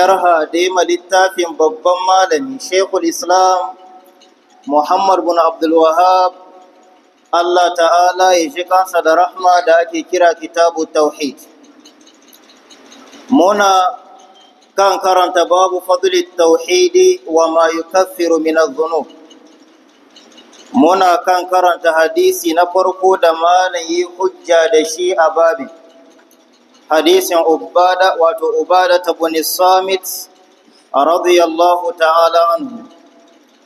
Yarha Dema littafin babban malami Shekul Islam Muhammad bin abdulwahab Allah ta'ala ya shi kansa da rahma da ake kira kitabu tauhid. Muna kan karanta babu fadli tauhidi wa ma yukaffiru min adh-dhunub. Muna kan karanta hadisi na farko da malam yi hujja da shi a babin. hadisin ubada wato ubada ta bin samit radiyallahu ta'ala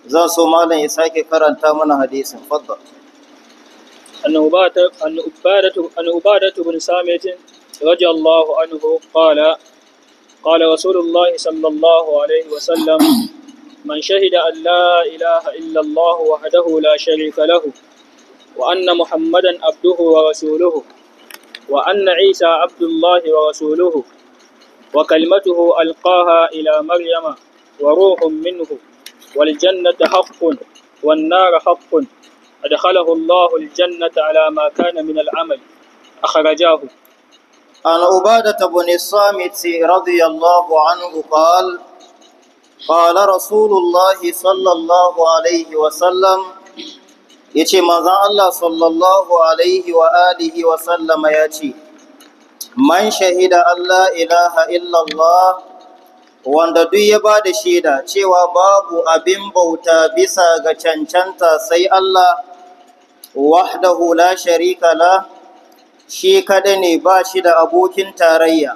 zan so malam ya sake karanta mana hadisin fadda an ubada an ubada an radiyallahu anhu qala قال رسول الله صلى الله Man وسلم من شهد أن لا إله إلا الله وحده لا شريك له وأن محمدا عبده وأن عيسى عبد الله ورسوله وكلمته ألقاها إلى مريم وروح منه والجنة حق والنار حق أدخله الله الجنة على ما كان من العمل أخرجاه عن عبادة بن الصامت رضي الله عنه قال قال رسول الله صلى الله عليه وسلم ya ce manzan Allah sallallahu alaihi wa alihi wa sallama ya ce man shahida Allah ilaha illallah wanda duk ya ba da shaida cewa babu abin bauta bisa ga cancanta sai Allah Wahda hula sharika la shi kada ne ba shi da abokin tarayya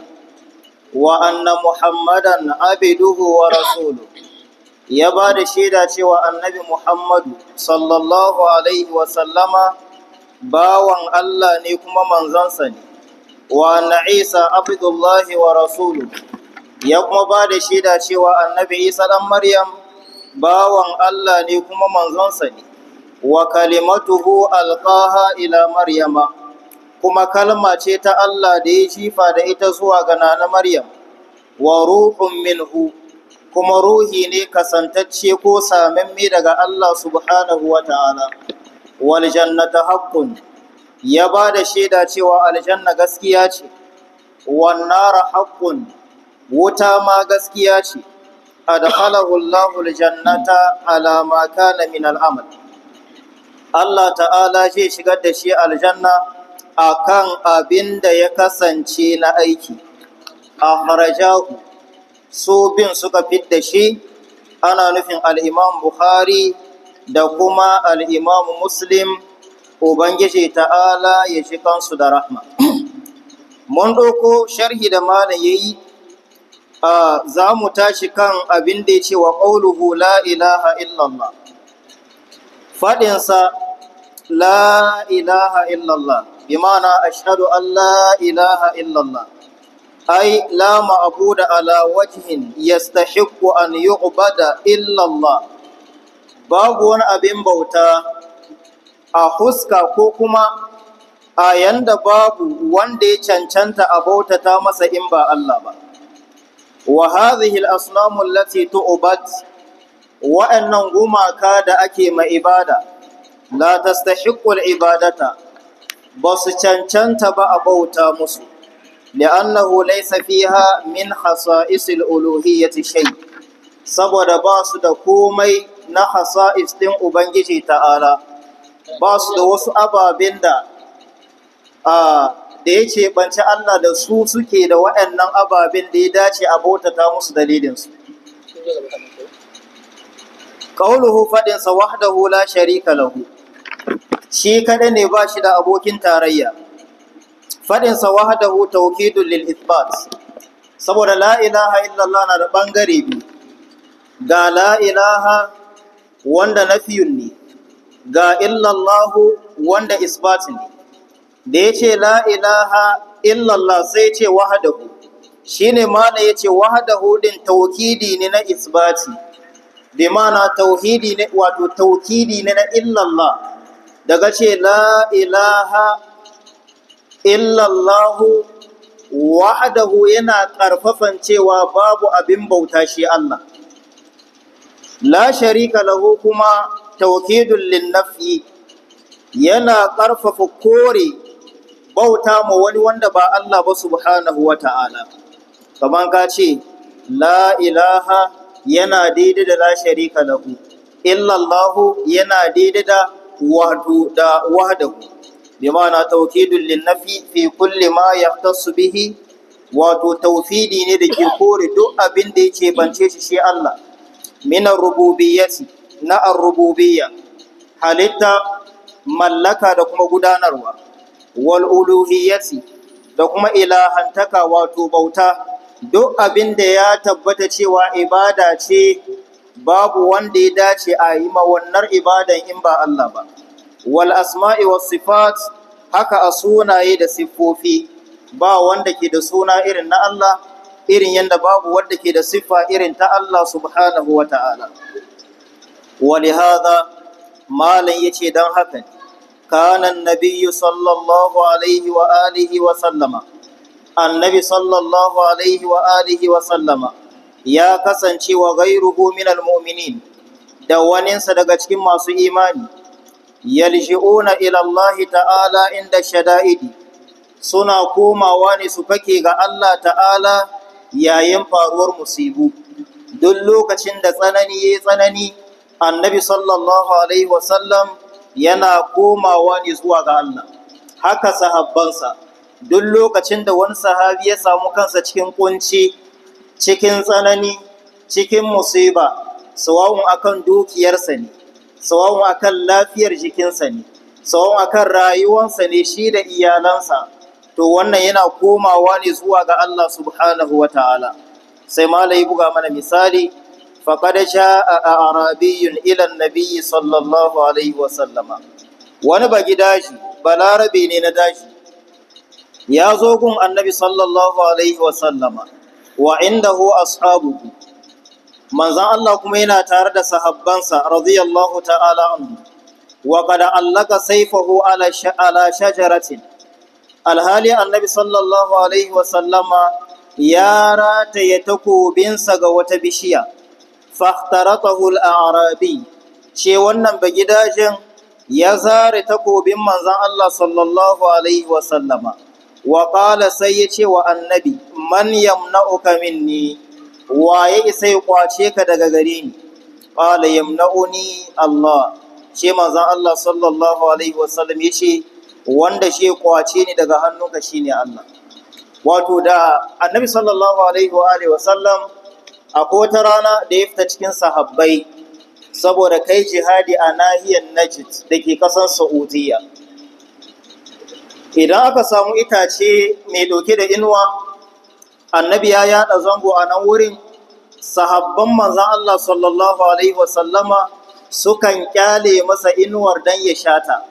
wa anna muhammadan abiduhu wa rasuluhu ya ba da shaida cewa annabi Muhammadu sallallahu Alaihi wasallama bawan Allah ne kuma manzansa ne, wa na Isa Abdullahi wa Rasulu, ya kuma ba da shaida cewa annabi Isa ɗan Maryam bawan Allah ne kuma manzansa ne, wa kalimatuhu alƙaha ila Maryama, kuma kalma ce ta Allah da ya shifa da ita zuwa ga na Maryam, wa ruhun minhu. kuma ruhi ne kasantacce ko samamme daga Allah subhanahu wa ta'ala. Wal jannata haqqun ya ba da shaida cewa aljanna gaskiya ce, wan nara wuta ma gaskiya ce, adkhalahu Allahu aljannata ala ma kana min al'amal. Allah ta'ala zai shigar da shi aljanna akan abin da ya kasance na aiki. a harajahu. su bin suka fidda shi ana nufin al'imam Bukhari da kuma al'imam Muslim, Ubangiji ta'ala ya shi kansu da rahma. Mun ɗauko sharhi da mana ya yi, za mu tashi kan abin da ya ce wa ƙauluhu la ilaha illallah. Faɗinsa la ilaha illallah, bi mana ashadu an la ilaha illallah. أي la معبود ala wajhin يستحق an يعبد إلا الله babu wani abin bauta a huska ko kuma a yanda babu wanda ya cancanta a bautata masa in ba Allah ba wa hadhihi al-asnam allati tu'bad wa'annan gumaka da ake ma ibada la tastahiqqu al-ibadata ba su cancanta ba a bauta musu لأنه ليس فيها من خصائص الألوهية شيء saboda ba su da komai na hasa'is ɗin Ubangiji ta'ala ba su da wasu ababen da da ya Allah da su suke da waɗannan ababen da ya dace a bautata musu dalilinsu. Ƙauluhu faɗinsa wahdahu la sharika lahu, shi kaɗai ne ba shi da abokin tarayya. faɗinsa wahadahu tawkidun lil ithbat saboda la ilaha illallah na da ɓangare biyu ga la ilaha wanda nafiyun ne ga illallahu wanda isbatin ne da ya ce la ilaha illallah sai ce wahadahu shi ne mana ya ce wahadahu ɗin tawkidi ne na isbati bi mana tauhidi ne wato tawkidi ne na illallah daga ce la ilaha illallahu wahdahu yana ƙarfafan cewa babu abin bauta shi Allah la sharika lahu kuma tawkidul linnafi yana ƙarfafa kore bauta ma wani wanda ba Allah ba subhanahu wata'ala kaman ka ce la ilaha yana daidai da la sharika lahu illallahu yana daidai da wahadahu. da wahdahu bimana tawkidul linnafi fi kulli ma yahtassu bihi wato tawfidi ne da ke kore duk abin da yake bance shi shi Allah min rububiyyati na ar-rububiyya halitta mallaka da kuma gudanarwa wal uluhiyyati da kuma ilahantaka wato bauta duk abin da ya tabbata cewa ibada ce babu wanda ya dace a yi mawannar wannan ibadan in ba Allah ba wal asma'i was sifat haka a sunaye da siffofi ba wanda ke da suna irin na Allah irin yanda babu wanda ke da siffa irin ta Allah subhanahu wa ta'ala wali hada ya ce don haka kana annabiyyu sallallahu alaihi wa alihi wa sallama annabi sallallahu alaihi wa alihi wa sallama ya kasance wa ghayruhu minal mu'minin da waninsa daga cikin masu imani yalji'una ila Allah ta'ala inda shada'idi suna komawa ne su fake ga Allah ta'ala yayin faruwar musibu duk lokacin da tsanani yayi tsanani annabi sallallahu alaihi wasallam yana komawa ne zuwa ga Allah haka sahabbansa duk lokacin da wani sahabi ya samu kansa cikin kunci cikin tsanani cikin musiba sawawun akan dukiyarsa ne sawon akan lafiyar jikinsa ne a akan rayuwansa ne shi da iyalansa to wannan yana komawa ne zuwa ga Allah subhanahu wa ta'ala sai Malayi buga mana misali faƙad sha'a a arabiyyun ilan nabiyyi sallallahu alaihi wa sallama wani bagi daji balarabe ne na daji ya zo gun annabi sallallahu alaihi wa sallama wa indahu ashabuhu manzan Allah kuma yana tare da sahabbansa radiyallahu ta'ala anhu wa qad allaka sayfahu ala ala shajaratin alhali annabi sallallahu alaihi wa sallama ya rataye takobinsa ga wata bishiya fahtaratahu al-arabi ce wannan bagidajin ya zare takobin manzan Allah sallallahu alaihi wa sallama wa sai ya ce wa annabi man yamna'uka minni waye isa ya kwace ka daga gare ni qala yamna'uni Allah ce mazan Allah sallallahu alaihi wasallam yace wanda shi ya kwace ni daga hannunka ne Allah wato da annabi sallallahu alaihi wasallam a kowata rana da ya fita cikin sahabbai saboda kai jihadi a nahiyar da ke kasar Saudiya idan aka samu itace mai doke da inuwa annabi ya yada zango a nan wurin sahabban manzan Allah sallallahu Alaihi wasallama sukan kyale masa inuwar dan ya shata.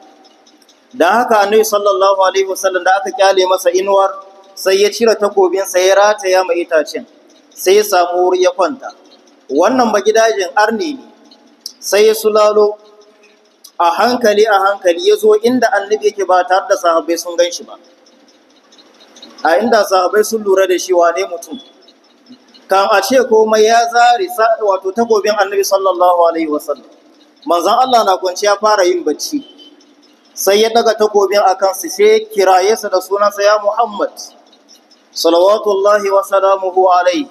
dan haka annabi sallallahu Alaihi wasallam da aka kyale masa inuwar sai ya cire takobinsa ya rataya mai itacen sai ya samu wuri ya kwanta. Wannan ba gidajen arni ne sai ya sulalo a hankali a hankali ya zo inda annabi yake ba tare da sahabbai sun gan shi ba. a inda sahabai sun lura da shi wane mutum kan a ce komai ya zari wato takobin annabi sallallahu alaihi wasallam manzan Allah na kwanci ya fara yin bacci sai ya daga takobin a kansu sai kiraye su da sunansa ya Muhammad sallallahu wa salamuhu alaihi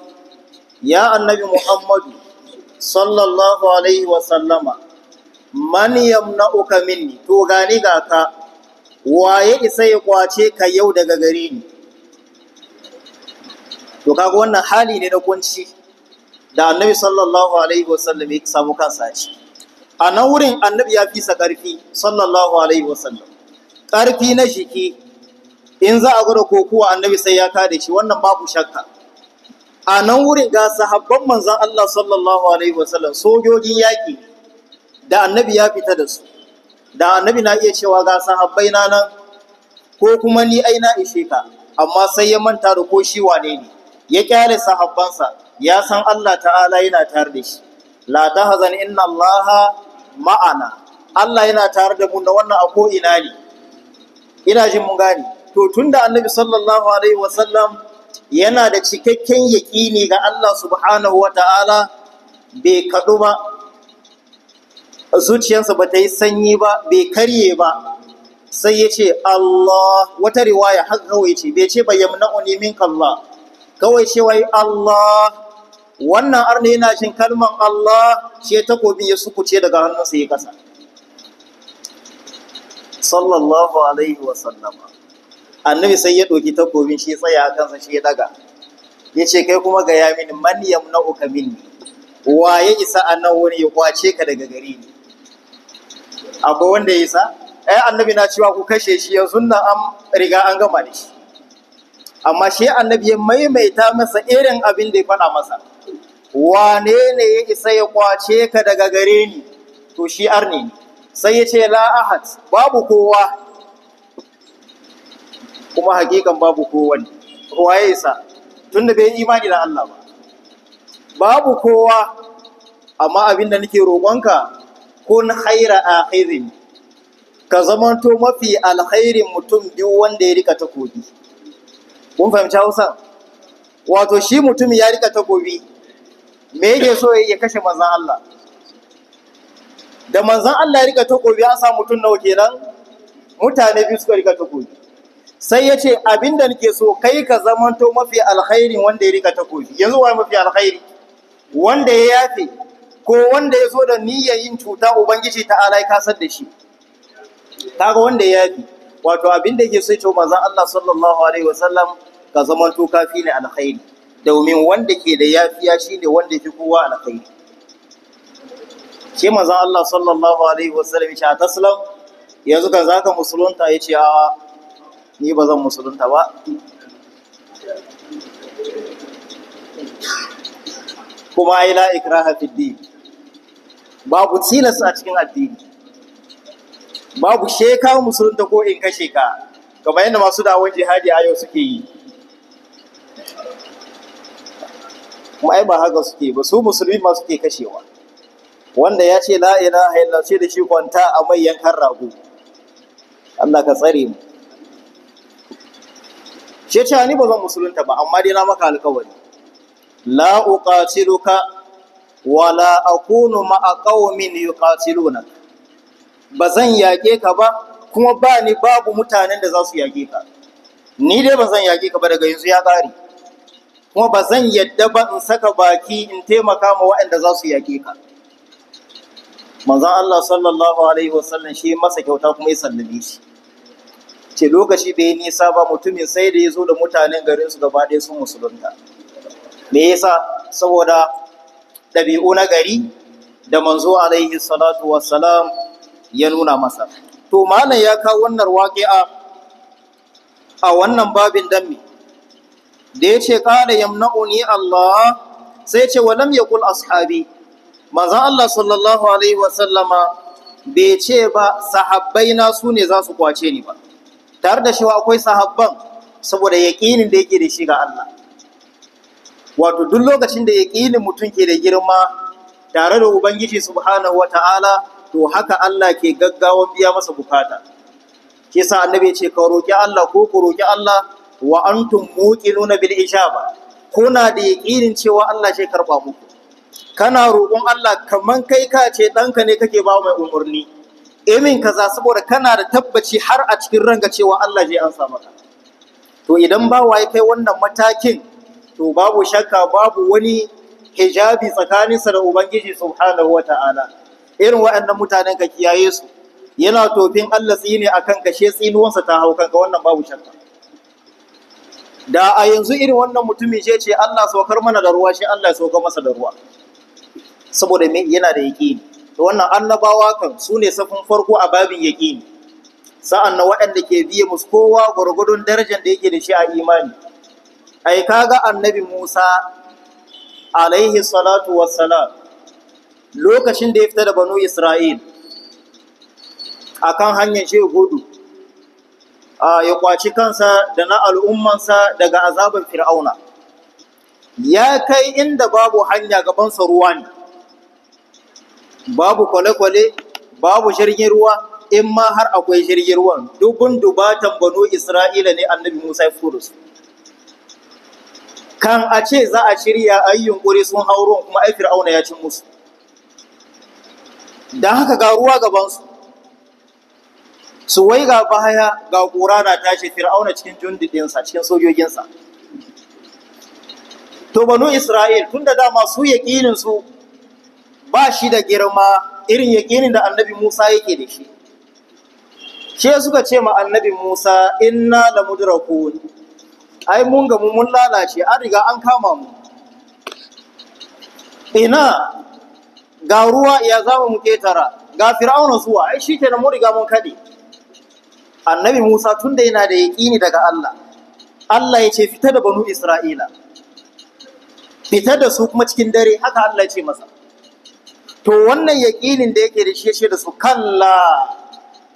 ya annabi Muhammadu sallallahu alaihi wasallama man yamna'uka minni to gani ga ka waye isa ya kwace ka yau daga gare ni to kaga wannan hali ne na kunci da annabi sallallahu alaihi wasallam ya samu kansa a ciki a nan wurin annabi ya fisa ƙarfi sallallahu alaihi wasallam ƙarfi na shiki in za a gwada kokowa annabi sai ya kare shi wannan babu shakka a nan wurin ga sahabban manzan Allah sallallahu alaihi wasallam sojojin yaƙi da annabi ya fita da su da annabi na iya cewa ga sahabbai na nan ko kuma ni aina ishe ka amma sai ya manta da ko shi wane ne ya kyale sahabbansa ya san Allah ta'ala yana tare da shi la tahzan inna Allah ma'ana Allah yana tare da mu na wannan a ko ina ne ina jin mun gane to tunda annabi sallallahu alaihi wasallam yana da cikakken yaƙini ga Allah subhanahu wata'ala bai kaɗu ba zuciyarsa ba ta yi sanyi ba bai karye ba sai ya ce Allah wata riwaya har kawai ce bai ce bayyamna'uni minka Allah kawai cewa Allah wannan arna yana shin kalman Allah ce takobin ya sukuce daga hannunsa ya kasa sallallahu alaihi wa sallama annabi sai ya doki takobin shi tsaya a kansa shi ya daga ya kai kuma ga yamin man yamna'uka Wa ya isa annan wuri ya kwace ka daga gari ne? akwai wanda ya isa eh annabi na cewa ku kashe shi yanzu nan an riga an gama da shi amma shi annabi ya maimaita masa irin abin da ya faɗa masa wane ne ya isa ya kwace ka daga gare ni to shi arni ne sai ya ce la ahad babu kowa kuma hakikan babu kowanne waye isa tunda bai imani da Allah ba babu kowa amma abin da nake roƙonka kun khaira akhirin ka zamanto mafi alkhairin mutum duk wanda ya rika takobi mun fahimci hausan wato shi mutum ya rika takobi me yake so ya kashe manzan Allah da manzan Allah ya rika takobi a sa mutum nawa kenan mutane biyu suka rika takobi sai ya ce abin da nake so kai ka zamanto mafi alkhairi wanda ya rika takobi yanzu wa mafi alkhairi wanda ya yafe ko wanda ya zo da niyyar yin cuta ubangiji ta alai kasar da shi kaga wanda ya yafe wato abin da yake so ya ce manzan Allah sallallahu alaihi wasallam ka zamanto to kafi ne alkhairi domin wanda ke da yafiya shine wanda fi kowa alkhairi shi manzon Allah sallallahu alaihi wasallam ya taslam yanzu kan zaka musulunta yace a ni ba zan musulunta ba kuma ila ikraha fi din babu tilas a cikin addini babu sheka musulunta ko in kashe ka kamar yadda masu dawon jihadi a yau suke yi mu ai ba haka suke ba su musulmi ma suke kashewa wanda ya ce la ilaha illallah sai da shi kwanta a mai yankan rago Allah ka tsare mu shi ce ni ba zan musulunta ba amma dai na maka alƙawari la uqatiluka wa la akunu ma qaumin yuqatiluna ba zan yake ka ba kuma ba ni babu mutanen da za su yake ka ni dai ba zan yake ka ba daga yanzu ya ƙare kuma ba zan yadda ba in saka baki in taimaka ma waɗanda za su yaƙe ka Manzan Allah sallallahu alaihi wasallam shi masa kyauta kuma ya sallame shi ce lokaci da ya nisa ba mutumin sai da ya zo da mutanen garin su gaba ɗaya sun musulunta me yasa saboda ɗabi'u na gari da manzo alaihi salatu wasalam ya nuna masa to malam ya kawo wannan waƙi'a a wannan babin dan me da ya ce ƙala yamna'uni Allah sai ce wa lam yaqul ashabi Maza Allah sallallahu Alaihi sallama bai ce ba sahabbai na su ne za su kwace ni ba tare da shiwa akwai sahabban saboda yaƙinin da yake da shi ga Allah wato duk lokacin da yaƙinin mutum ke da girma tare da Ubangiji subhanahu wa ta'ala to haka Allah ke gaggawa biya masa bukata ke sa annabi ce ka roki Allah ko ku roki Allah wa antum muqinuna bil ijaba kuna da yakinin cewa Allah shi karba muku kana roƙon Allah kaman kai ka ce danka ne kake ba mai umurni Imin eh, kaza saboda kana da tabbaci har a cikin ranka cewa Allah zai ansa maka to idan ba wai kai wannan matakin to babu shakka babu wani hijabi tsakaninsa da ubangiji subhanahu wata'ala irin wa'annan mutanen ka kiyaye su yana tofin Allah tsine akan kashe tsinuwansa ta hau kanka wannan babu shakka da a yanzu irin wannan mutumin ce ce Allah saukar mana da ruwa shi Allah saukar masa da ruwa saboda me yana da yaƙini to wannan annabawa kan su ne safin farko a babin yaƙini sa'an na waɗanda ke biye musu kowa gwargwadon darajar da yake da shi a imani ai kaga annabi Musa alaihi salatu wassalam lokacin da ya fita da banu Isra'il akan hanyar shi gudu ya kwaci kansa da na al'ummansa daga azabar fir'auna ya kai inda babu hanya gabansa ruwa ne babu kwale-kwale babu jirgin ruwa in ma har akwai jirgin ruwan dubun dubatan banu isra'ila ne annabi musa ya furus kan a ce za a shirya a yi yunkuri sun hau ruwan kuma ai fir'auna ya ci musu don haka ga ruwa gabansu su wai ga baya ga ƙura na tashi fir'auna cikin jundinsa cikin sojojinsa to banu isra'il tun da dama su yaƙininsu ba shi da girma irin yaƙinin da annabi musa yake da shi she suka ce ma annabi musa inna la wani? ai mun ga mun lalace an riga an kama mu ina ga ruwa ya zama mu ketara ga fir'auna zuwa ai shi ke mun riga mun kaɗe annabi Musa tun da yana da yaƙini daga Allah Allah ya ce fita da banu Isra'ila fita da su kuma cikin dare haka Allah ya ce masa to wannan yaƙinin da yake da shi shi da su kalla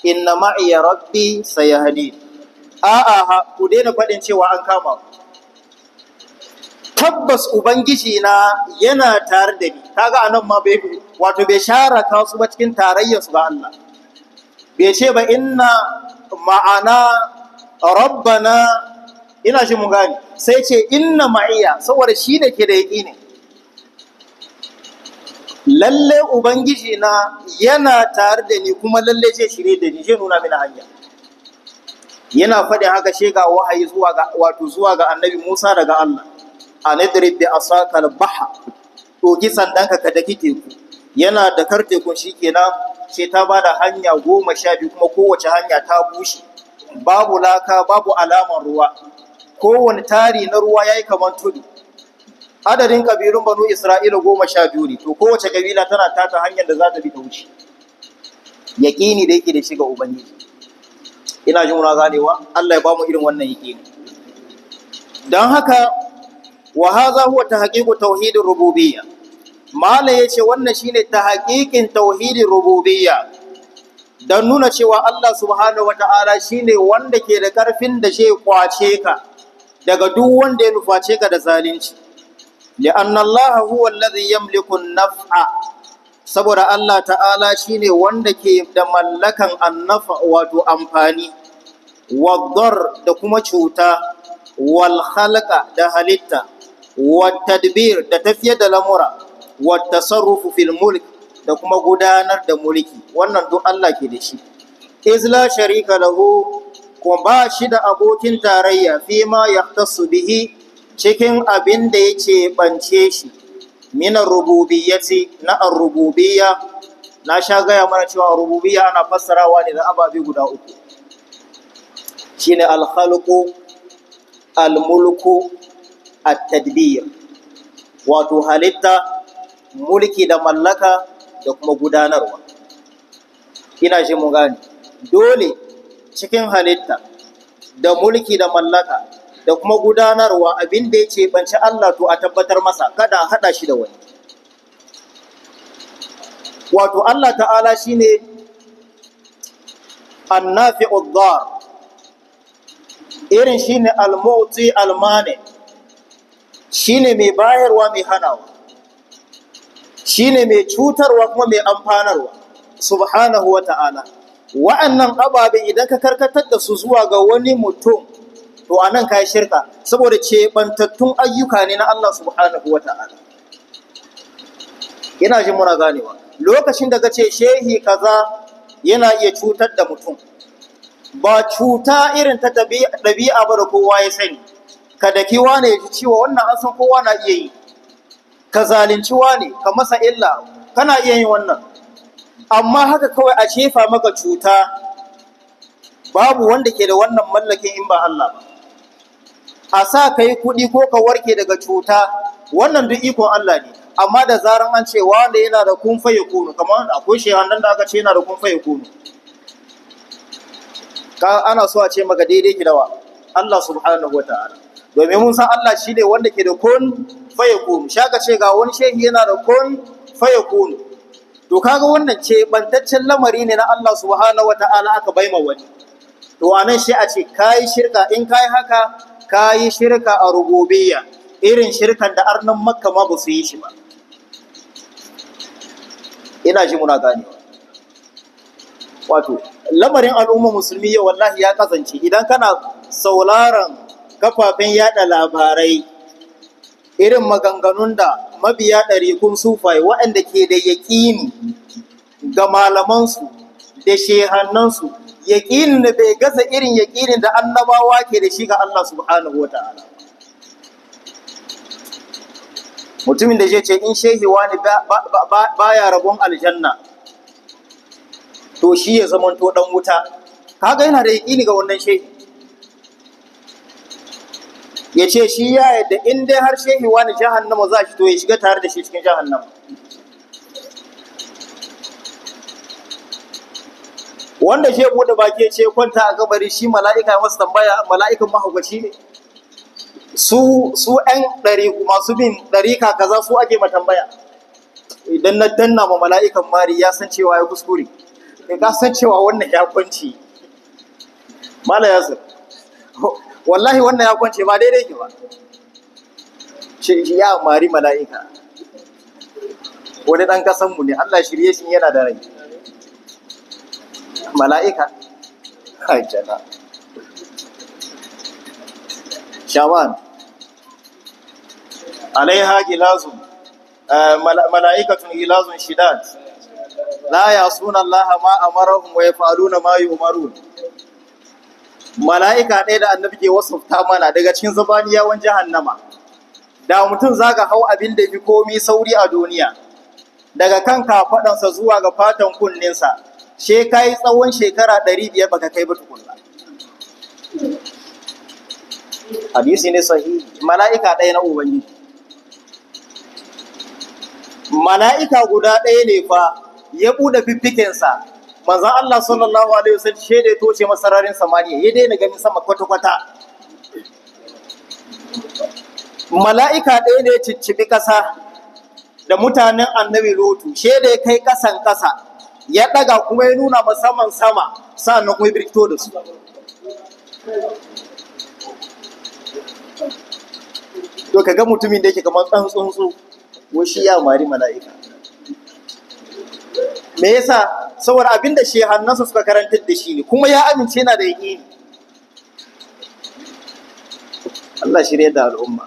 inna ma'iya rabbi sayahdi a'a ku daina faɗin cewa an kama ku tabbas ubangiji na yana tare da ni Ta ga anan ma bai wato bai shara ka su ba cikin tarayyar su ga Allah bai ce ba inna ma'ana rabbana ina shi mun gani sai ce inna ma'iya saboda shi ne ke da yaƙi ne lalle ubangiji na yana tare da ni kuma lalle ce shirye da ni shi nuna mini hanya yana faɗin haka she ga wahayi zuwa ga wato zuwa ga annabi Musa daga Allah anadrib bi asakal baha to sandan sandanka ka daki teku yana da kar tekun shikenan sai ta bada hanya goma sha biyu kuma kowace hanya ta bushe babu laka babu alaman ruwa kowane tari na ruwa ya yi kamar tudu adadin kabilun banu isra'ila goma sha biyu ne to kowace kabila tana tata hanyar da za ta bi ta wuce yaƙini da yake da shiga ubangiji ina jin muna ganewa Allah ya bamu irin wannan yaƙini don haka wa haza huwa tahqiqu tauhidir rububiyya malam ya ce wannan shine ta haƙiƙin tauhidin rububiyya don nuna cewa Allah subhanahu wa ta'ala shine wanda ke da ƙarfin da shi kwace ka daga duk wanda ya nuface ka da zalunci li'anna Allah huwa allazi yamliku nafa saboda Allah ta'ala shine wanda ke da mallakan annafa wato amfani waggar da kuma cuta wal halka da halitta wa tadbir da tafiye da lamura wata sarrufu fil mulk da kuma gudanar da mulki wannan duk Allah ke da shi izla sharika lahu kuma ba shi da abokin tarayya fi ma tasu bihi cikin abin da yake bance shi mina rububiyyati na ar na sha gaya mana cewa rububiyya ana fassarawa ne da ababe guda uku shine al-khalqu al-mulku at-tadbir wato halitta mulki da mallaka da kuma gudanarwa ina shi mu gane dole cikin halitta da mulki da mallaka da kuma gudanarwa abin da ya ce banci Allah to a tabbatar masa kada a haɗa shi da wani wato Allah ta'ala shi ne annafi irin shi ne almauti almane shi ne mai bayarwa mai hanawa Shi ne mai cutarwa kuma mai amfanarwa subhanahu wa ta'ala wa'annan ababe idan ka karkatar da su zuwa ga wani mutum to a nan ka yi shirka saboda ce bantattun ayyuka ne na Allah subhanahu wa ta'ala ina jin muna ganewa lokacin da ka ce shehi kaza yana iya cutar da mutum ba cuta irin ta ɗabi'a ba da kowa ya sani ka daki wane ya ji ciwo wannan an san kowa na iya yi ka zalunci ne, ka masa illa kana iya yin wannan amma haka kawai a shefa maka cuta babu wanda ke da wannan mallakin in ba Allah ba a sa ka yi kuɗi ko ka warke daga cuta wannan duk ikon Allah ne amma da zaran an ce wanda yana da kun faye kunu kamar akwai shehan nan da aka ce yana da kun faye kunu ka ana so a ce maka daidai ki dawa Allah subhanahu wa ta'ala domin mun san Allah shi ne wanda ke da kun fayakun shaka ce ga wani shehi yana da kun fayakun to kaga wannan ce bantaccen lamari ne na Allah subhanahu wata'ala aka baima wani to anan shi a ce kai shirka in kai haka kai shirka a rububiyya irin shirkan da arnan makka ma ba su yi shi ba ina ji muna gane wato lamarin al'umma musulmi yau wallahi ya kasance idan kana sauraron kafafen yada labarai irin maganganun da mabiya ɗarikun sufai waɗanda ke da yaƙini ga malamansu da shehannansu yaƙini da bai gaza irin yaƙinin da annabawa ke da shi ga Allah subhanahu wa ta'ala mutumin da ce in shehi wani baya rabon aljanna to shi ya zamanto ɗan wuta kaga yana da yaƙini ga wannan shehi ya ce shi ya yadda in dai har shehi wani jahannama za shi to ya shiga tare da shi cikin jahannama wanda shi buɗe baki ya ce kwanta a gabari shi mala'ika masu tambaya mala'ikan mahaukaci ne su su ɗan ɗari masu bin ɗarika kaza su ake ma tambaya idan na danna ma mala'ikan mari ya san cewa ya kuskure ya san cewa wannan ya kwanci mala yasir wallahi wannan ya kwance ba daidai ki ba shi ya mari mala'ika wani ɗan kasanmu ne Allah shirye shi yana da rai mala'ika hajjana shawan alaiha gilazun eh, mala'ikatun gilazun shidat la ya suna Allah ma amarahum wa ya na ma yi umaru mala'ika ɗaya da annabi ke wasafta mana daga cikin zabaniyawan jahannama da mutum za ka hau abin da fi komi sauri a duniya daga kan kafaɗansa zuwa ga fatan kunninsa she ka yi tsawon shekara ɗari biyar baka kai ba tukunna hadisi ne sahihi mala'ika ɗaya na ubangiji mala'ika guda ɗaya ne fa ya buɗe fiffikensa manzo Allah sallallahu alaihi wasallam shede ya toshe masararin samaniya ya daina ganin sama kwata kwata mala'ika ɗaya ne ya ciccibi kasa da mutanen annabi lutu shede ya kai kasan kasa ya ɗaga kuma ya nuna musamman sama na kuma ya birkito da su to kaga mutumin da yake kamar ɗan tsuntsu wai shi ya mari mala'ika me yasa saboda abin da shehannansa suka karantar da shi ne kuma ya amince yana da yaƙini Allah shirya da al'umma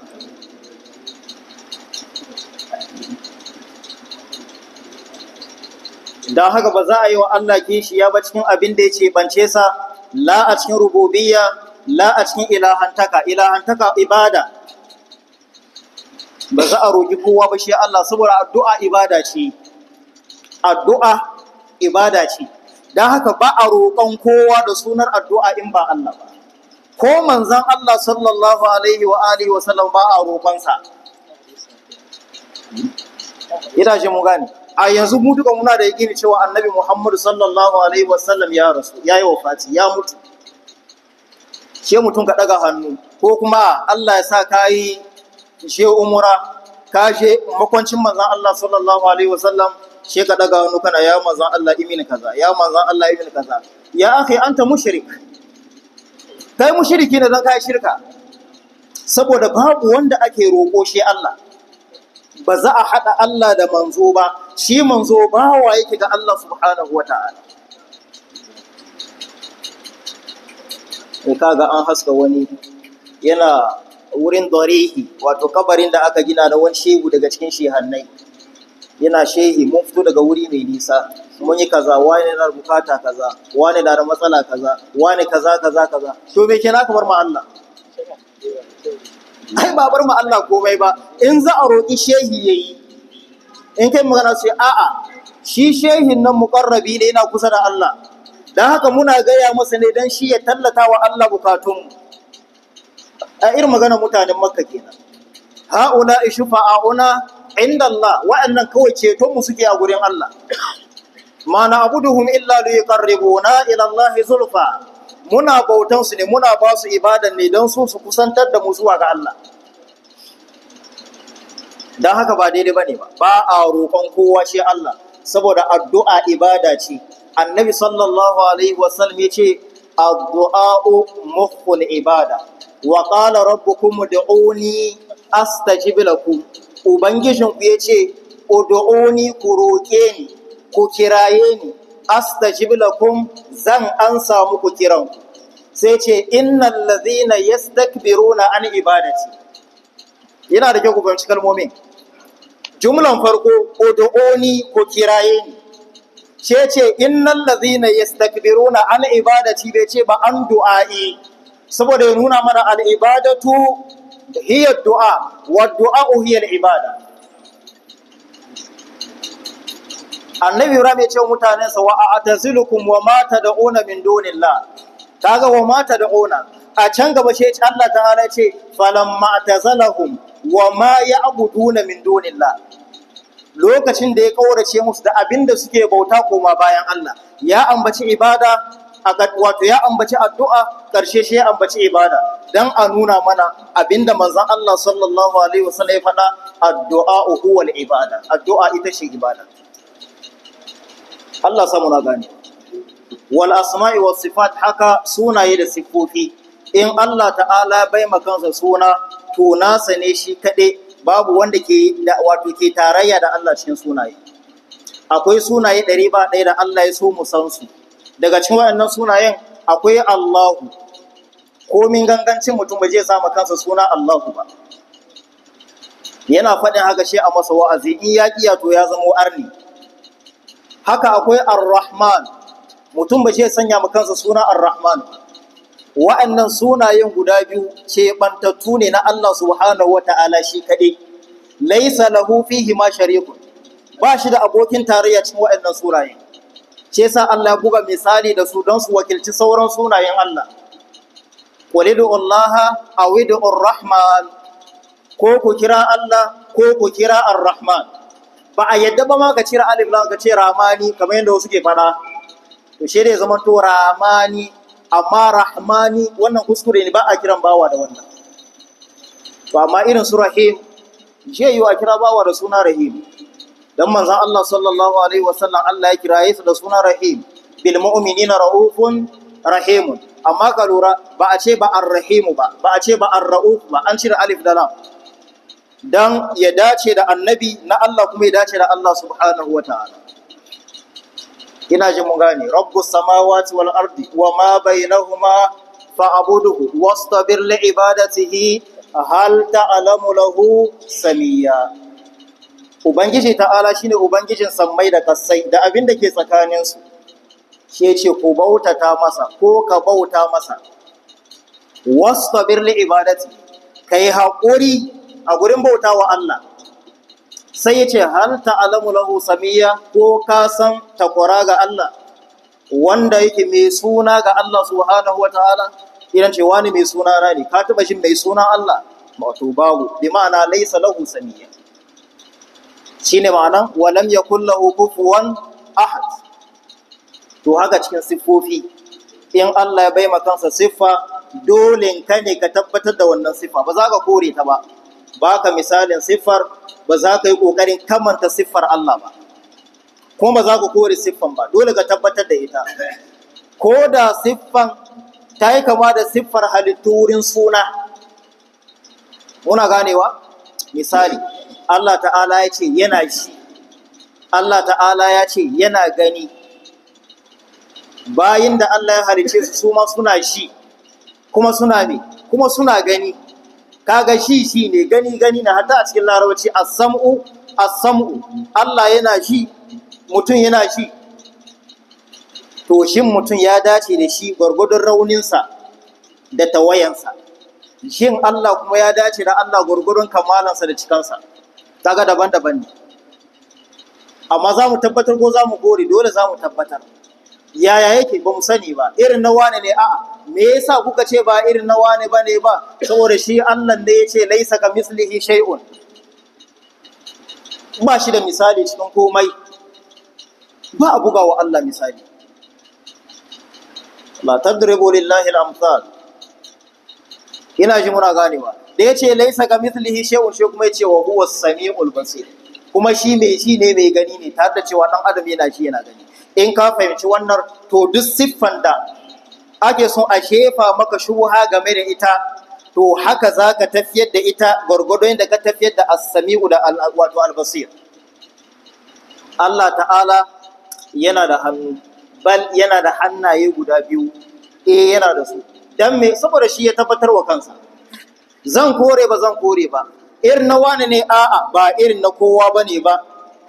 don haka ba za a yi wa Allah kishiya ba cikin abin da ya cebance sa la a cikin rububiyya la a cikin ilahantaka ilahantaka ibada ba za a roƙi kowa ba shi Allah saboda addu'a ibada ce addu'a ibada ce don haka ba a roƙon kowa da sunar addu'a in ba Allah ba ko manzan Allah sallallahu alaihi wa alihi wa sallam ba a roƙonsa Ida shi mu gani, a yanzu mu duka muna da yaƙini cewa annabi Muhammadu sallallahu alaihi wa sallam ya rasu ya yi wafati ya mutu Ke mutum ka ɗaga hannu ko kuma Allah ya sa ka yi umura ka je makwancin manzan Allah sallallahu alaihi wa sallam she ka daga hannu kana ya manzan Allah imin kaza ya manzan Allah imin kaza ya akhi anta mushrik kai mushriki ne dan kai shirka saboda babu wanda ake roƙo shi Allah ba za a haɗa Allah da manzo ba shi manzo bawa yake ga Allah subhanahu wata'ala in kaga an haska wani yana wurin dorehi wato kabarin da aka gina da wani shehu daga cikin shehannai yana shehi mun fito daga wuri mai nisa mun yi kaza wani na bukata kaza wani da matsala kaza wani kaza kaza kaza to me ke ka bar ma Allah ai ba bar mu Allah komai ba in za a roƙi shehi yayi in kai magana sai a'a shi shehin nan muqarrabi ne yana kusa da Allah don haka muna gaya masa ne dan shi ya tallata wa Allah bukatun a irin magana mutanen makka kenan ha'ula ishufa'a'una inda Allah wa'annan kawai ceton mu suke a gurin Allah ma na'buduhum illa liqarribuna ila lahi zulfa muna bautansu ne muna ba su ibadan ne don su su kusantar da mu zuwa ga Allah don haka ba daidai ne ba ba a roƙon kowa shi Allah saboda addu'a ibada ce annabi sallallahu alaihi wasallam ya ce addu'a'u mukhul ibada wa qala da ta astajib ku. Ubangijin ku ya ce, Odo'oni ku roƙe ni, ku kiraye ni, astajib lakum zan an ansa kiran ku. Sai ce, Innal biro na an ibadati. Yana da kyau ku fahimci kalmomin. Jumlan farko, Odo'oni ku kiraye ni. Ce ce, Innal biro na an ibadati bai ce ba an du'a'i. Saboda ya nuna mana al'ibadatu Hiyar du'a wa du'a hiya ibada annabi ibrahim ya ce wa mutanensa wa a'tazilukum wa ma tad'una min dunillah kaga wa ma tad'una a can gaba shi ce Allah ta'ala ya ce falamma atazalahum wa ma ya'buduna min dunillah lokacin da ya kaurace musu da abinda suke bauta koma bayan Allah ya ambaci ibada wato ya ambaci addu'a ƙarshe shi ya ambaci ibada dan a nuna mana abinda manzon Allah sallallahu Alaihi wasallam ya faɗa addu'a wal ibada addu'a ita ce ibada Allah samu na gane wal asma'i was sifat haka sunaye da sifofi in Allah ta'ala bai kansa suna to nasa ne shi kaɗai babu wanda ke wato ke tarayya da Allah cikin sunaye akwai sunaye ɗari ba ɗaya da Allah ya so mu san su daga cikin waɗannan sunayen akwai Allahu komin gangancin mutum ba zai samu kansa suna Allahu ba yana faɗin haka shi a masa wa'azi in ya kiya to ya zama arni haka akwai ar-rahman mutum ba zai sanya mu kansa suna ar-rahman wa'annan sunayen guda biyu ce bantattu ne na Allah subhanahu wata'ala shi kaɗai laisa lahu fihi ma shariku ba shi da abokin tarayya cikin wa'annan sunayen ce sa Allah ya buga misali da su don su wakilci sauran sunayen Allah walidu Allah awidu Rahman ko ku kira Allah ko ku kira Ar-Rahman ba a yadda ba ma ka cira alif lam ka ce ramani kamar yadda wasu ke faɗa. to shi dai zama to ramani amma rahmani wannan kuskure ne ba a kiran bawa da wannan to amma irin su rahim je yi wa kira bawa da suna rahim dan manzon Allah sallallahu alaihi wasallam Allah ya kiraye su da sunan rahim bil mu'minina raufun rahimun amma ka lura ba a ce ba ar-rahimu ba ba a ce ba ar-rauf ba an cire alif da lam dan ya dace da annabi na Allah kuma ya dace da Allah subhanahu wataala ina ji mun gane rabbus samawati wal ardi wa ma bainahuma fa'buduhu wastabir li ibadatihi hal ta'lamu lahu samiyya ubangiji ta'ala ne ubangijin sammai da kasai da abin da ke tsakaninsu shi ya ce ku bauta ta masa ko ka bauta masa wastabir li ibadati ka yi haƙuri a gurin bauta wa Allah sai ya ce har ta'alamu lahu samiya ko ka san takwara ga Allah wanda yake mai suna ga Allah subhanahu wa ta'ala idan ce wani mai suna na ka taba shi mai suna Allah wato babu bi ma'ana laisa lahu samiya shine ma'anan walam yakul lahu kufuwan ahad to haka cikin siffofi in Allah ya bai kansa siffa dole ka ne ka tabbatar da wannan siffa ba za ka kore ta ba ba ka misalin siffar ba za ka yi ƙoƙarin kamanta siffar Allah ba ko ba za ka kore siffan ba dole ka tabbatar da ita ko da siffan ta yi kama da siffar halittu wurin suna muna ganewa misali Allah ta'ala ya ce yana shi Allah ta'ala ya ce yana gani bayin da Allah ya harice su su ma suna shi kuma suna ne kuma suna gani kaga shi shi ne gani gani na hatta a cikin larabci as-sam'u as-sam'u Allah yana shi mutum yana shi to shin mutum ya dace da shi gwargwadon rauninsa da tawayensa. shin Allah kuma ya dace da Allah gwargwadon kamalansa da cikansa kaga daban-daban ne amma za mu tabbatar ko za mu gori dole za mu tabbatar yaya yake ba mu sani ba irin na wane ne a'a me yasa kuka ce ba irin na wane ba ne ba saboda shi Allah ne ya ce laisa ka mislihi shay'un ba shi da misali cikin komai ba a wa Allah misali la tadribu lillahi al-amsal ina ji muna ganewa da yace laisa ga mislihi shay'un shi kuma yace wa huwa samiul basir kuma shi mai shi ne mai gani ne tare da cewa dan adam yana shi yana gani in ka fahimci wannan to duk siffan da ake so a shefa maka shuha game da ita to haka za ka tafiyar da ita gwargwado yadda ka tafiyar da as-sami'u da wato al-basir Allah ta'ala yana da hannu bal yana da hannaye guda biyu eh yana da su dan me saboda shi ya tabbatar wa kansa zan kore ba zan kore ba irin na wani ne a'a ba irin na kowa bane ba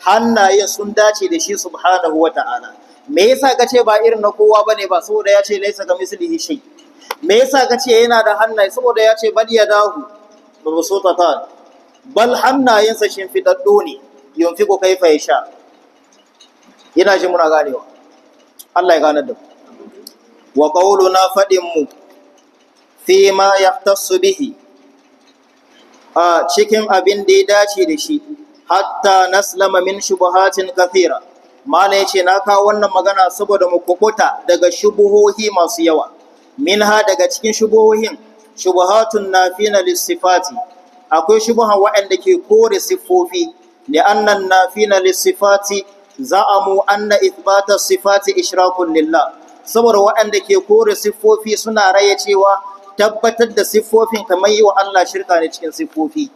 hannayen sun dace da shi subhanahu wata'ala me yasa kace ba irin na kowa bane ba saboda ya ce laisa ga mislihi shay me yasa kace yana da hannaye saboda ya ce bal yadahu mabsutatan bal hannayensa fitaddo ne yunfiqu kaifa yasha yana ji muna ganewa Allah ya ganar da mu wa qauluna fadin mu Fima ma yaqtasu bihi a cikin abin da ya dace da shi hatta naslama min shubuhatin kathira ya ce na kawo wannan magana saboda mu kubuta daga shubuhohi masu yawa min ha daga cikin shubuhohin shubuhatun nafina lissifati akwai shubuhan waɗanda ke kore siffofi li'annan nafina lissifati za'amu anna ithbata sifati ishrakun lillah saboda waɗanda ke kore siffofi suna raye cewa tabbatar da siffofin kamar yi wa Allah shirka ne cikin siffofi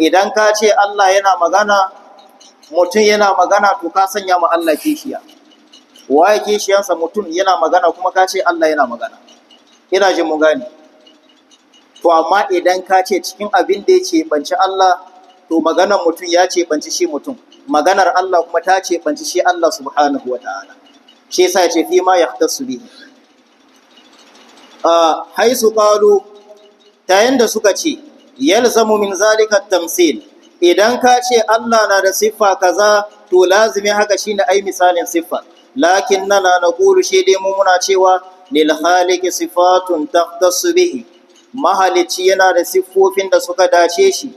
idan ka ce Allah yana magana mutum yana magana to ka sanya ma Allah kishiya waye kishiyansa mutum yana magana kuma ka ce Allah yana magana ina jin mu gane to amma idan ka ce cikin abin da ya ce banci Allah to maganar mutum ya ce banci shi mutum maganar Allah kuma ta ce banci shi Allah subhanahu wataala shi yasa ya ce fi ma yahtassu bihi haisu ƙalu, ta yanda suka ce yalzamu min zalika tamsil idan ka ce Allah na da siffa kaza to lazimi haka shine ai misalin siffa lakin nana Kulu shi dai mu muna cewa lil khaliqi sifatun taqtasu bihi mahalici yana da siffofin da suka dace shi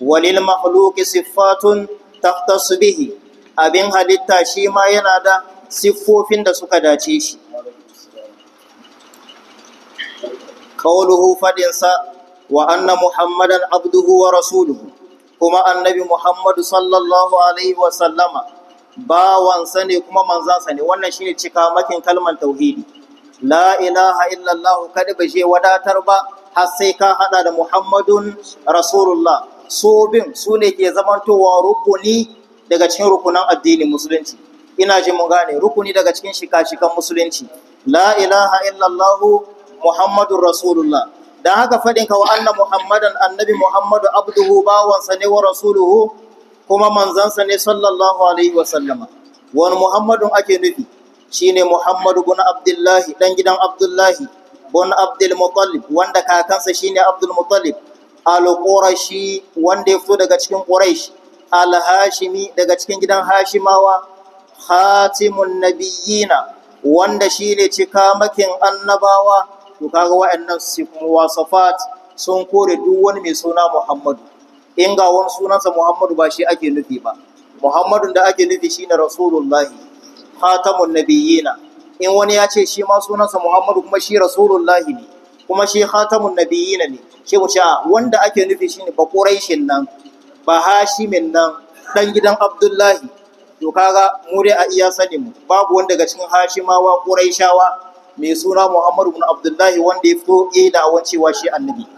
walil makhluqi sifatun taqtasu bihi abin halitta shi ma yana da siffofin da suka dace shi قوله فدنسا وأن Abduhu wa rasuluhu, كما النبي محمد صلى الله عليه وسلم bawansa ne kuma manzansa ne wannan shine cika makin kalmar tauhidi la ilaha illallah kada ba je wadatar ba har sai ka hada da muhammadun rasulullah so bin su ne ke zamantowa rukuni daga cikin rukunan addinin musulunci ina ji mun gane rukuni daga cikin shika-shikan musulunci la ilaha illallah Muhammadun Rasulullah. Dan haka faɗinka wa anna Muhammadan annabi Muhammadu abduhu bawansa ne wa rasuluhu kuma manzansa ne sallallahu Alaihi wasallama. Wani Muhammadun ake nufi shi ne Muhammadu bin Abdullahi, ɗan gidan Abdullahi, bin Abdul wanda kakansa shi ne Abdul al-Qurashi wanda ya fito daga cikin Quraish, al-Hashimi daga cikin gidan Hashimawa, Hatimun Nabiyina, wanda shi ne cikamakin annabawa to kaga wa'annan wasafat sun kore duk wani mai suna Muhammadu in ga wani sunansa Muhammadu ba shi ake nufi ba Muhammadu da ake nufi shine Rasulullahi khatamun nabiyina in wani ya ce shi ma sunansa Muhammadu kuma shi Rasulullahi ne kuma shi khatamun nabiyina ne shi mu wanda ake nufi shine ba Quraishin nan ba Hashimin nan dan gidan Abdullahi to kaga mu dai a iya sani mu babu wanda daga cikin Hashimawa Quraishawa mai suna Muhammadu bin Abdullahi wanda ya fito ya da awon cewa shi annabi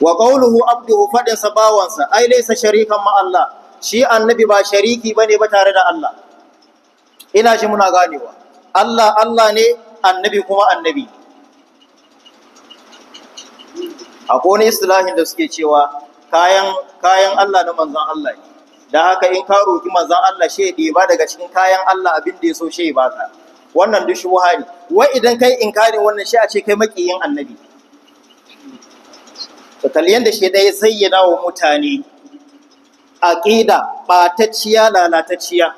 wa qawluhu abduhu fadin sa bawansa ai laysa sharikan ma Allah shi annabi ba shariki bane ba tare da Allah ina shi muna ganewa Allah Allah ne annabi kuma annabi akwai kone istilahin da suke cewa kayan Allah na manzon Allah ne da haka in ka roki manzon Allah shi ya ba daga cikin kayan Allah abin da ya so shi ya baka wannan duk shubuha ne wai idan kai inkarin wannan shi a ce kai makiyin annabi to kaliyan da shi dai zayyana wa mutane aqida batacciya lalatacciya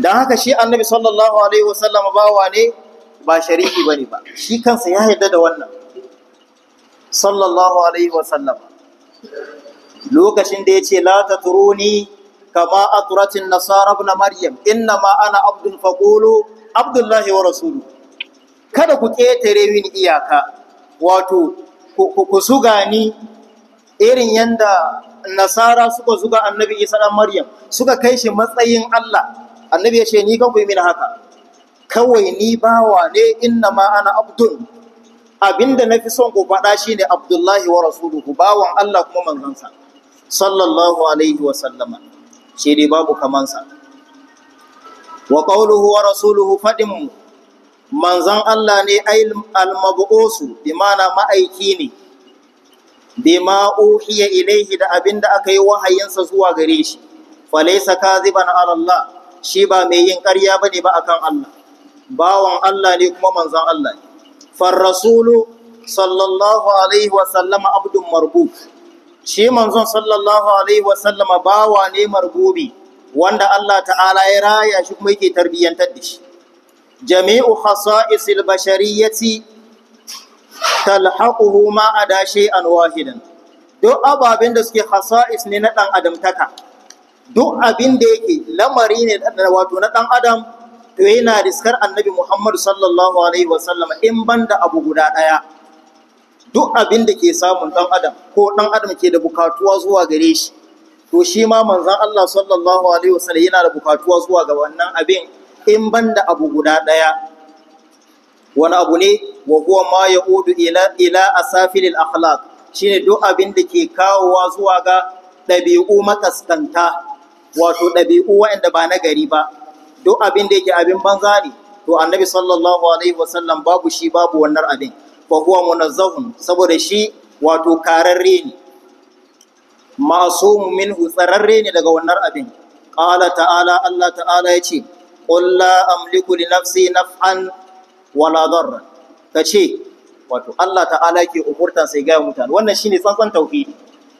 dan haka shi annabi sallallahu alaihi wasallam bawa ne ba shariki bane ba shi kansa ya yarda da wannan sallallahu alaihi wasallam lokacin da ya ce lata turuni kama turatin nasara na maryam inna ma ana abdun fagolo abdullahi wa rasulu kada ku ƙetare min iyaka wato ku zuga ni irin yadda nasara suka zuga annabi isa dan maryam suka kai shi matsayin allah annabi ya ce ni kan ku yi min haka kawai ni bawa ne inna ma ana abdun abinda na fi son ku faɗa shi ne abdullahi wa rasuluhu bawan allah kuma manzansa sallallahu alaihi wa sallama shi dai babu kamansa wa qawluhu wa rasuluhu fadin manzan Allah ne al-mab'usu bi ma'ana ma'aiki ne bima uhiya ilaihi da abinda aka yi wahayinsa zuwa gare shi falaisa kaziban ala Allah shi ba mai yin ƙarya bane ba akan Allah bawan Allah ne kuma manzan Allah ne far rasulu sallallahu alaihi wa sallama abdun marbu. shi manzon sallallahu alaihi wasallama bawa ne gobe, wanda Allah ta'ala ya raya shi kuma yake tarbiyyantar da shi jami'u khasa'isil bashariyati talhaquhu ma ada shay'an wahidan duk ababen da suke Hasa'is ne na dan adamtaka duk abin da yake lamari ne wato na dan adam to yana riskar annabi Muhammad sallallahu alaihi wasallam in banda abu guda ɗaya. duk abin da ke samun ɗan adam ko ɗan adam ke da bukatuwa zuwa gare shi to shi ma manzan Allah sallallahu alaihi wasallam yana da bukatuwa zuwa ga wannan abin in banda abu guda ɗaya wani abu ne wa huwa ma yaudu ila ila asafilil akhlaq shine duk abin da ke kawowa zuwa ga ɗabi'u makaskanta wato ɗabi'u waɗanda ba na gari ba duk abin da yake abin banza ne to annabi sallallahu alaihi wasallam babu shi babu wannan abin fa huwa munazzahun saboda shi wato kararre ne masumu minhu tsararre ne daga wannan abin qala ta'ala Allah ta'ala yace qul la amliku li nafsi naf'an wala darran kace wato Allah ta'ala yake umurtan sai ga mutane wannan shine tsantsan tauhidi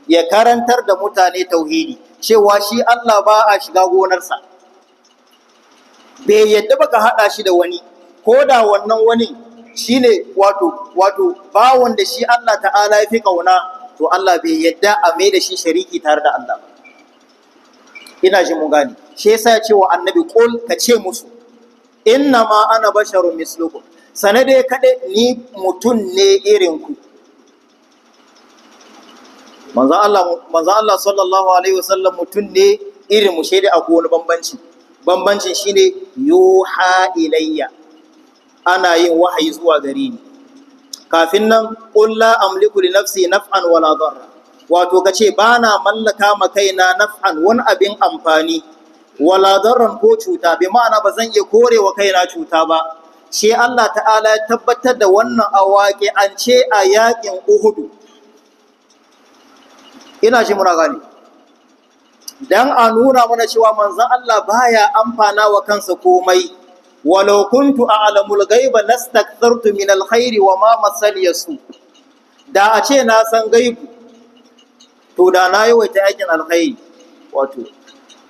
ya karantar da mutane tauhidi cewa shi Allah ba a shiga gonarsa bai yadda baka hada shi da wani ko da wannan wani shine wato wato bawon da shi Allah ta'ala ya fi kauna to Allah bai yadda a mai da shi shariki tare da Allah ba ina ji mun gane shi yasa ya ce wa annabi qul ka ce musu inna ma ana basharun mislukum dai kade ni mutun ne irin ku manzo Allah manzo Allah sallallahu alaihi wasallam mutun ne irin mu shaida akwai wani bambanci bambancin shine yuha ilayya ana yin wahayi zuwa gare ni kafin nan ƙulla amliku li nafsi naf'an wala darra wato kace bana mallaka ma kaina naf'an wani abin amfani wala darran ko cuta bi ma'ana ba zan iya kore wa kaina cuta ba shi Allah ta'ala ya tabbatar da wannan awaki an ce a yakin Uhud ina shi muna gani dan a nuna mana cewa manzon Allah baya amfana wa kansa komai walau kuntu a'lamul ghaiba lastakthartu min alkhairi wa ma masaliya su da a ce na san gaibu to da na yawaita aikin alkhairi wato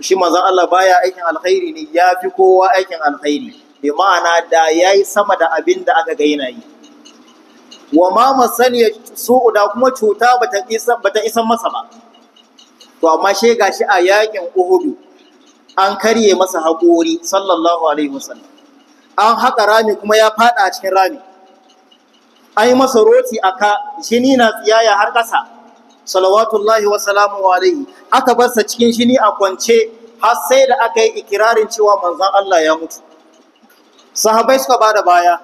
shi manzon Allah baya aikin alkhairi ne yafi kowa aikin alkhairi bi ma'ana da yayi sama da abin da aka gaina yi wa ma masaliya su da kuma cuta bata isa bata isa masa ba to amma she gashi a yakin uhudu an karye masa haƙori sallallahu alaihi wasallam an haƙa rami kuma ya faɗa a cikin rami an yi masa roti a ka jini na tsiyaya har ƙasa salawatullahi wa salamu alaihi aka barsa cikin jini a kwance har sai da aka yi ikirarin cewa manzon Allah ya mutu sahabai suka bada baya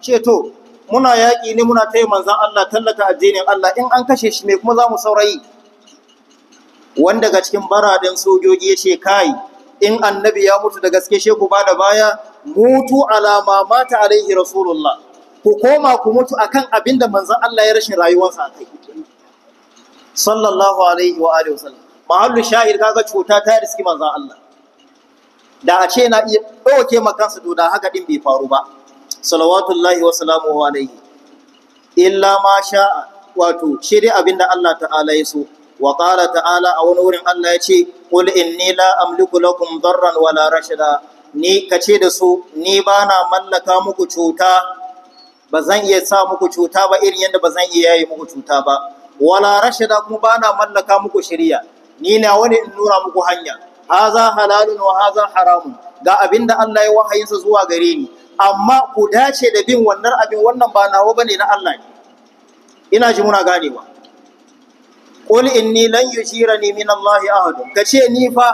ce to muna yaƙi ne muna taya manzon Allah tallata addinin Allah in an kashe shi me kuma za mu saurayi wanda daga cikin baraɗin sojoji ya ce kai in annabi ya mutu da gaske sheku bada baya mutu ala ma mata alaihi rasulullah ku koma ku mutu akan abinda manzon Allah ya rashin rayuwarsa akai sallallahu alaihi wa alihi wasallam mahallu shahid kaga cuta ta riski manzon Allah da a ce na iya dauke makansa to da haka din bai faru ba salawatullahi wa salamuhu alaihi illa ma sha wato shi dai abinda Allah ta'ala ya so wa qala ta'ala a wani wurin Allah ya ce qul inni la amliku lakum darran wala rashada ni ka ce da su ni ba na mallaka muku cuta ba zan iya sa muku cuta ba irin yadda ba zan iya yi muku cuta ba wala rashida kuma ba na mallaka muku shirya ni na wani in nura muku hanya haza halalun wa haza haramun ga abinda Allah ya wahayinsa zuwa gare ni amma ku dace da bin wannan abin wannan ba nawa bane na Allah ne ina ji muna ganewa qul inni lan yushirani min Allah ahad kace ni fa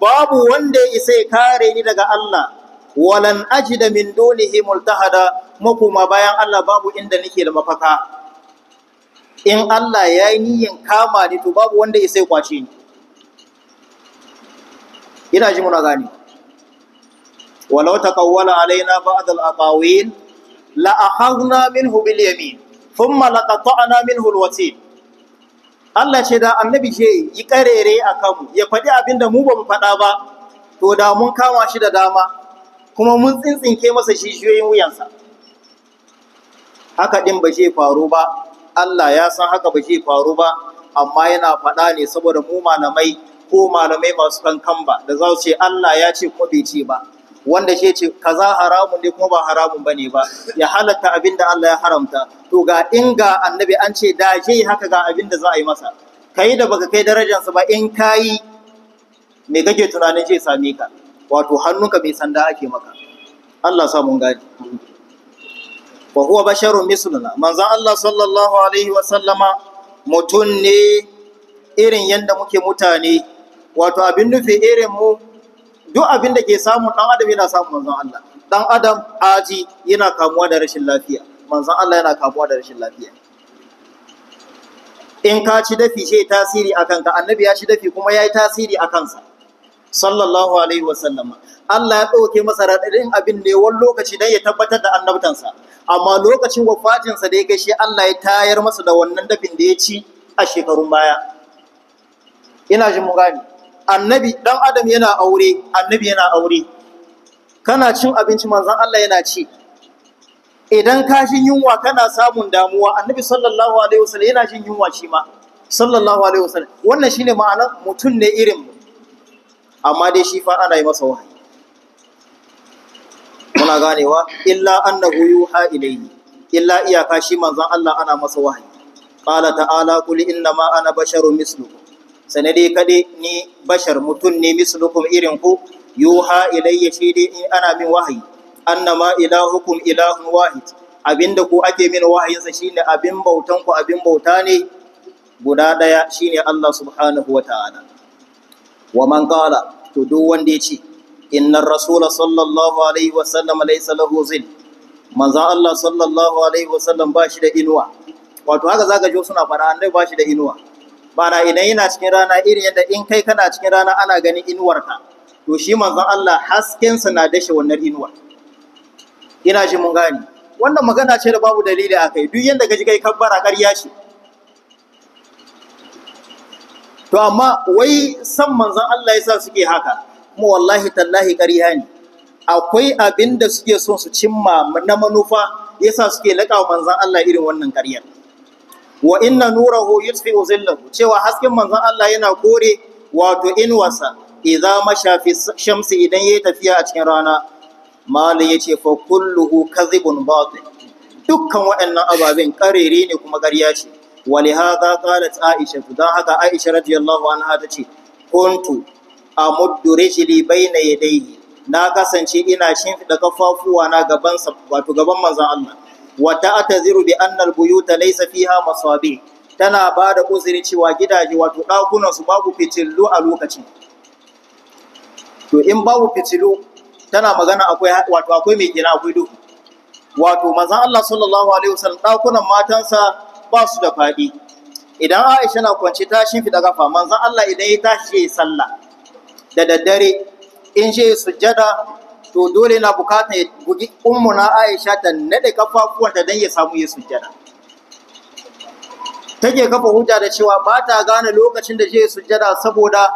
babu wanda ya isa ya kare ni daga Allah walan ajida min dunihi multahada ma. bayan Allah babu inda nake da mafaka in Allah ya yi niyyan kama ni to babu wanda isa ya kwace ni ina ji muna gani walau taqawwala alaina ba'd al-aqawil la akhadna minhu bil yamin thumma laqata'na minhu al-watin Allah ce da annabi ce yi karere a kanmu ya faɗi abin da mu ba mu faɗa ba to da mun kama shi da dama kuma mun tsintsinke masa shishiyoyin wuyansa haka ɗin ba shi faru ba Allah ya san haka ba shi faru ba amma yana faɗa ne saboda mu malamai ko malamai masu kankan ba da za su ce Allah ya ce ko bai ce ba wanda shi ce kaza haramun ne kuma ba haramun bane ba ya halatta abin da Allah ya haramta to ga in ga annabi an ce da je haka ga abin da za a yi masa kai da baka kai sa ba in kayi me kake tunanin zai same ka wato hannunka bai sanda ake maka Allah sa mun gani wa huwa basharun misluna manzon Allah sallallahu alaihi wa sallama mutun ne irin yadda muke mutane wato abin nufi irin mu duk abin da ke samun ɗan adam yana samun manzon Allah ɗan adam aji yana kamuwa da rashin lafiya manzon Allah yana kamuwa da rashin lafiya in ka ci dafi shi tasiri akan ka. annabi ya ci dafi kuma ya yi tasiri a kansa sallallahu alaihi wasallam Allah ya ɗauke masa raɗaɗin abin ne wani lokaci dan ya tabbatar da annabtansa amma lokacin sa da ya gashi Allah ya tayar masa da wannan dafin da ya ci a shekarun baya ina jin mu gani annabi dan adam yana aure annabi yana aure kana cin abinci manzon Allah yana ci idan ka shin yunwa kana samun damuwa annabi sallallahu alaihi wasallam yana jin yunwa shi ma sallallahu alaihi wasallam wannan shine ma'anar mutum ne irin amma dai shi fa ana yi masa wahayi muna ganewa illa annahu yuha ilayhi illa iyaka shi manzon Allah ana masa wahayi qala ta'ala qul inna ma ana basharun mislukum sane dai kaɗai ni bashar mutum ne mislukum irin ku yuha ilayya shi dai in ana min wahayi annama ilahukum ilahun wahid abinda ku ake min wahayinsa shine abin bautan ku abin bauta ne guda daya shine Allah subhanahu wataala wa man qala to duk wanda yace innar rasul sallallahu alaihi wasallam laysa lahu zin manzo Allah sallallahu alaihi wasallam bashi da inuwa wato haka zaka jo suna fara annabi bashi da inuwa bana idan yana cikin rana irin yadda in kai kana cikin rana ana ganin ka, to shi manzon Allah haskensa na dashe wannan inuwar ina ji mun gani wannan magana ce da babu dalili a kai duk yanda gaji kai kabbara ƙarya ce to amma wai san manzon Allah yasa suke haka mu wallahi tallahi ƙarya ne akwai abinda suke son su cimma na manufa yasa suke laƙa manzon Allah irin wannan ƙaryar wa inna nurahu yusfi zillahu cewa hasken manzon Allah yana kore wato inuwarsa idza masha fi shamsi idan yayi tafiya a cikin rana mali yace fa kulluhu kadhibun batil dukkan waɗannan ababen karere ne kuma ƙarya ce ولهذا قالت عائشة haka aisha رضي الله عنها ce. kuntu amuddu rijli bayna yadayhi na kasance ina shimfiɗa kafafuwa na gaban wato gaban manzon Allah wa ta'taziru bi anna al-buyuta laysa fiha masabi tana ba da uzuri cewa gidaje wato dakunan su babu fitilu a lokacin to in babu fitilu tana magana akwai wato akwai mai gina akwai duhu wato manzon Allah sallallahu alaihi wasallam dakunan matansa ba su da fadi idan Aisha na kwance ta shinfi da gafa manzon Allah idan ya tashi ya sallah da daddare in je sujjada to dole na bukatar ya bugi ummu na Aisha ta nade kafafuwanta dan ya samu ya sujjada take kafa hujja da cewa ba ta gane lokacin da je sujjada saboda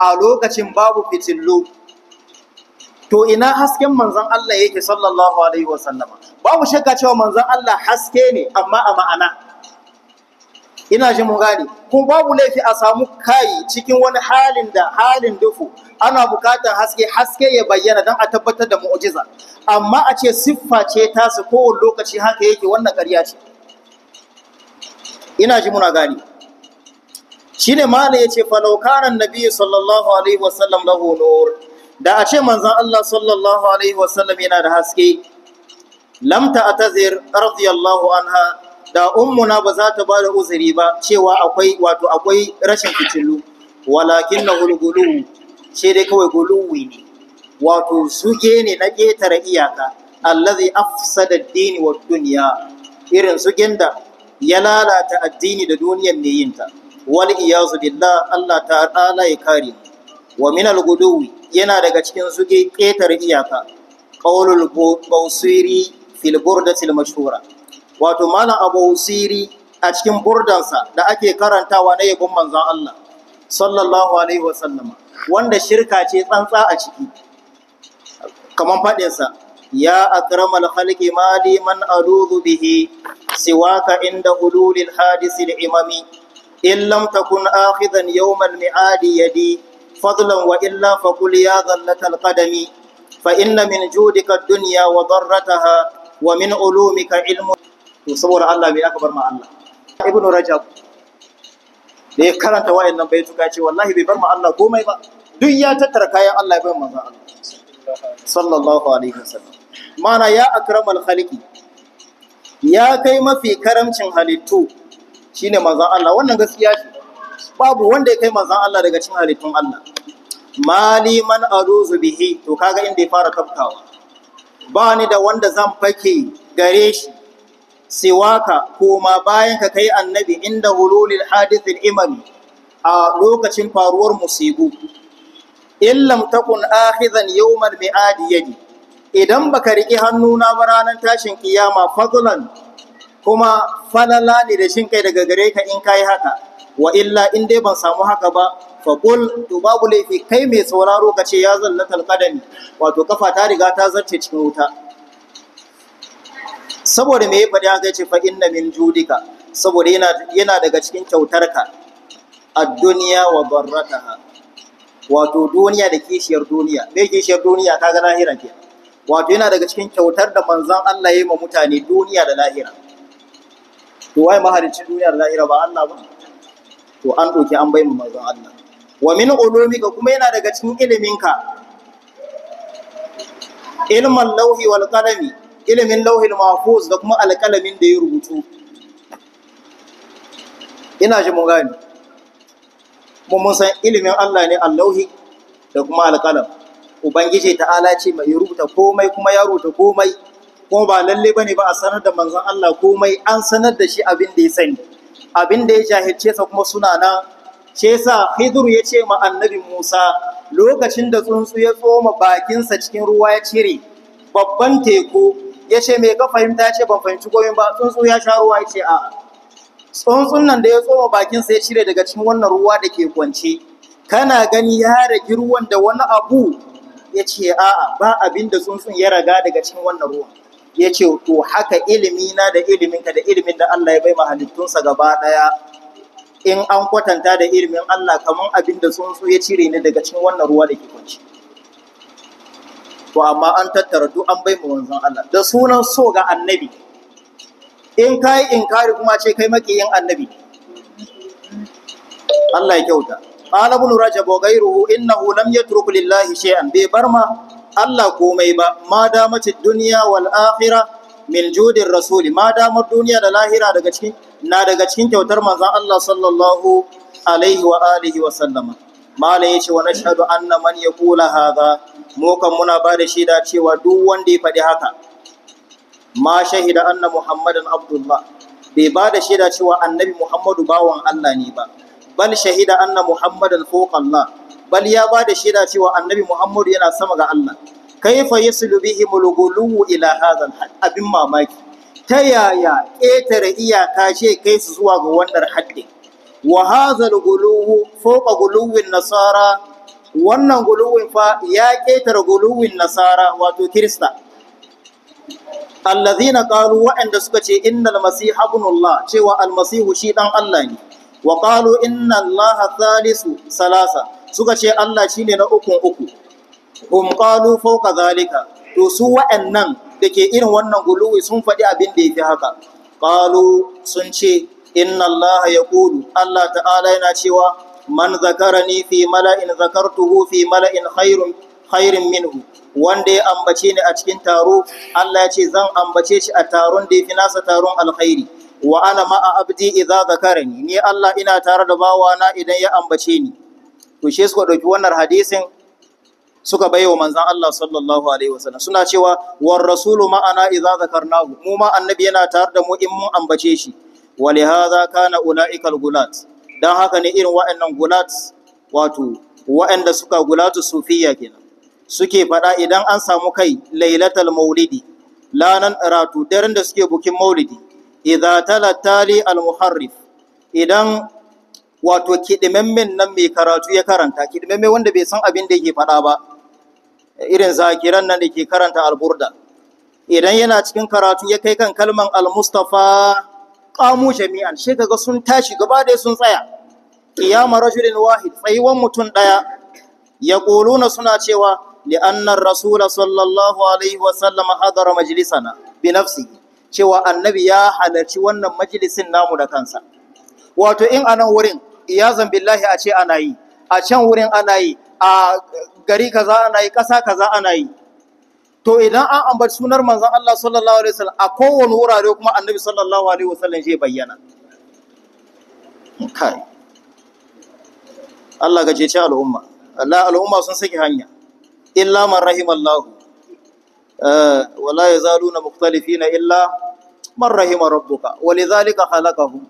a lokacin babu fitilu. to ina hasken manzon Allah yake sallallahu alaihi wasallama babu shakka cewa manzon Allah haske ne amma a ma'ana ina jin mun gane kun babu laifi a samu kai cikin wani halin da halin dufu ana bukatar haske haske ya bayyana don a tabbatar da mu'jiza amma a ce siffa ce tasu kowane lokaci haka yake wannan ƙarya ce ina ji muna gane shine mala yace falaukanan nabi sallallahu alaihi wasallam lahu nur da a ce manzon Allah sallallahu alaihi wasallam yana da haske lam ta'tazir radiyallahu anha da ummuna ba za ta ba da uzuri ba cewa akwai wato akwai rashin fitilu walakin na gulgulu ce dai kawai guluwi ne wato suke ne na ƙetare iyaka allazi afsada dini wa duniya irin sugen da ya lalata addini da duniyar ne yinta wal iyazu billah Allah ta'ala ya kare wa min al yana daga cikin suke ƙetare iyaka qaulul bawsiri fil burdatil mashhura wato malam abu siri a cikin burdansa da ake karantawa na yabon manzan Allah sallallahu alaihi wanda shirka ce tsantsa a ciki kaman faɗinsa ya akramal khalqi mali man aludu bihi siwaka inda hululil hadisi imami in lam takun akhidan yawmal mi'adi yadi fadlan wa illa faqul ya dhallatal qadami fa inna min judika ad-dunya wa darrataha wa min ulumika ilmu to saboda Allah bai aka bar ma Allah ibnu rajab da ya karanta wayannan bai tuka ce wallahi bai bar ma Allah komai ba duk ya tattara kayan Allah ya bai manzo Allah sallallahu alaihi wasallam mana ya akramal khaliqi ya kai mafi karamcin halittu shine manzo Allah wannan gaskiya ce babu wanda ya kai manzo Allah daga cikin halittun Allah mali man aruzu bihi to kaga inda ya fara kafkawa ba ni da wanda zan fake gare shi siwaka koma bayan ka kai annabi inda hululil hadithil imami a lokacin faruwar musibu illam takun yaumar yawmal mi'adi yadi idan baka riki hannu na ranar tashin kiyama fadlan kuma falala ne da shin kai daga gare ka in kai haka wa illa in dai ban samu haka ba fa qul to babu laifi kai mai sauraro kace ya zallatal qadami wato kafa ta riga ta zarce cikin wuta saboda me ya faɗi haka yace fa inna min judika saboda yana yana daga cikin kyautarka ad-dunya wa barrataha wato duniya da kishiyar duniya me kishiyar duniya kaga lahira ke wato yana daga cikin kyautar da manzon Allah ya yi ma mutane duniya da lahira to wai maharici duniya da lahira ba Allah ba to an ɗauki an bai mu manzon Allah wa min ulumika kuma yana daga cikin iliminka ilman lauhi wal qalami ilimin lauhin mahfuz da kuma alƙalamin da ya rubutu ina shi mun gani mun mun san ilimin Allah ne allauhi da kuma alƙalam ubangiji ta'ala ce mai rubuta komai kuma ya rubuta komai kuma ba lalle bane ba a sanar da manzon Allah komai an sanar da shi abin da ya sani abin da ya jahilce sa kuma suna nan ce yasa Hidiru ya ce ma annabi Musa lokacin da tsuntsu ya tsoma bakinsa cikin ruwa ya cire babban teku ya ce "Mai ka fahimta ya ce ban fahimci komai ba tsuntsu ya sha ruwa ya ce a tsuntsun nan da ya tsoma bakin sa ya cire daga cikin wannan ruwa da ke kwance kana gani ya ragi ruwan da wani abu ya ce a'a ba abin da tsuntsun ya raga daga cikin wannan ruwan ya ce to haka ilimi na da ilimin ka da ilimin da Allah ya bai mahalittunsa gaba ɗaya in an kwatanta da ilimin Allah kamar abin da tsuntsu ya cire ni daga cikin wannan ruwa da ke kwance. to amma an tattara duk an bai mu manzon Allah da sunan so ga annabi in kai inkari kuma ce kai makiyin annabi Allah ya kyauta qala ibn rajab wa ghayruhu innahu lam yatruk lillahi shay'an bai barma Allah komai ba ma damace duniya wal akhirah min judin rasuli ma damar duniya da lahira daga cikin na daga cikin kyautar manzon Allah sallallahu alaihi wa alihi wa sallama malam yace wa nashhadu anna man yaqula hadha Mukan muna ba da shaida cewa duk wanda ya faɗi haka ma shahida anna muhammadan abdullah bai ba da shaida cewa annabi muhammadu bawan Allah ne ba bal shahida anna muhammadan fawqallah bal ya ba da shaida cewa annabi muhammadu yana sama ga Allah kaifa yaslu bihi mulghulu ila hadha abin mamaki ta yaya ƙetare iyaka ce kai su zuwa ga wannan haddin wa hadha al-ghuluwu nasara wannan guluwin fa ya ƙetare guluwin nasara wato kirista allazina qalu waɗanda suka ce innal masiha ibnullah cewa almasihu shi dan Allah ne wa qalu inna allaha thalisu salasa suka ce Allah shine na ukun uku hum qalu fawqa zalika to su wa'annan dake irin wannan guluwi sun faɗi abin da yake haka qalu sun ce inna Ya yaqulu Allah ta'ala yana cewa man zakarani fi mala'in zakartuhu fi mala'in khairun khairin minhu wanda ya ambace ni a cikin taro Allah ya ce zan ambace shi a taron da yafi nasa taron alkhairi wa ana ma'a abdi idza zakarani ni Allah ina tare da bawana idan ya ambace ni to suka dauki wannan hadisin suka baiwa manzon manzan Allah sallallahu alaihi wasallam suna cewa war rasulu ma'ana idza zakarnahu mu ma annabi yana tare da mu in mun ambace shi wa lihadha kana ulaika al-gulat don haka ne irin wa'annan gulat wato wa'anda suka gulatu sufiya kenan suke faɗa idan an samu kai lailatul maulidi lanan ratu daren da suke bukin maulidi idza talatali al-muharrif idan wato kidimemmen nan mai karatu ya karanta kidimemme wanda bai san abin da yake faɗa ba irin zakiran nan da ke karanta alburda, idan yana cikin karatu ya kai kan kalman al-mustafa qamu jami'an shi kaga sun tashi gaba da sun tsaya qiyamar rajulin wahid tsayuwan mutum daya yaquluna suna cewa li anna ar-rasul sallallahu alaihi wa sallam hadara majlisana bi nafsihi cewa annabi ya halarci wannan majlisin namu da kansa wato in anan wurin iyazan billahi a ce ana yi a can wurin ana yi a gari kaza ana yi ƙasa kaza ana yi to idan an ambaci sunar manzon Allah sallallahu alaihi wasallam a kowane wurare kuma annabi sallallahu alaihi wasallam zai bayyana kai Allah gajece al'umma Allah al'umma sun saki hanya illa man rahimallahu eh, wala yazaluna mukhtalifina illa man rahima rabbuka walidhalika khalaqahum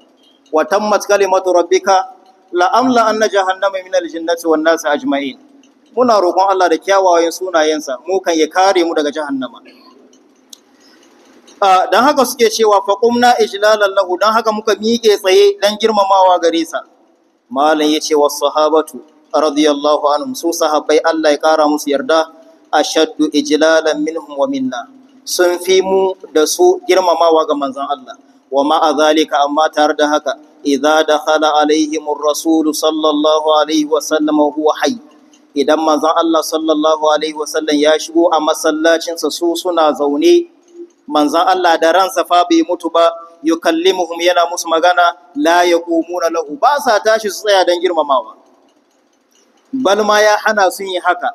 wa tammat kalimatu rabbika la amla anna jahannama min al-jannati wan nasi ajma'in muna roƙon Allah da kyawawan sunayensa mu kan ya kare mu daga jahannama ah, dan haka suke cewa faqumna ijlalan lahu dan haka muka miƙe tsaye dan girmamawa gare sa malam yace wa sahabatu radiyallahu anhum su sahabbai Allah ya kara musu yarda ashaddu ijlalan minhum wa minna sun fi mu da su girmamawa ga manzon Allah wa ma'a zalika amma tare da haka idza dakhala alaihimur rasul sallallahu alaihi wa sallam huwa hayy idan manzon Allah sallallahu alaihi wasallam ya shigo a masallacinsa su suna zaune manzon Allah da ransa fa bai mutu ba yukallimuhum yana musu magana la yaqumuna lahu ba sa tashi su tsaya dan girmamawa bal ma ya hana sun yi haka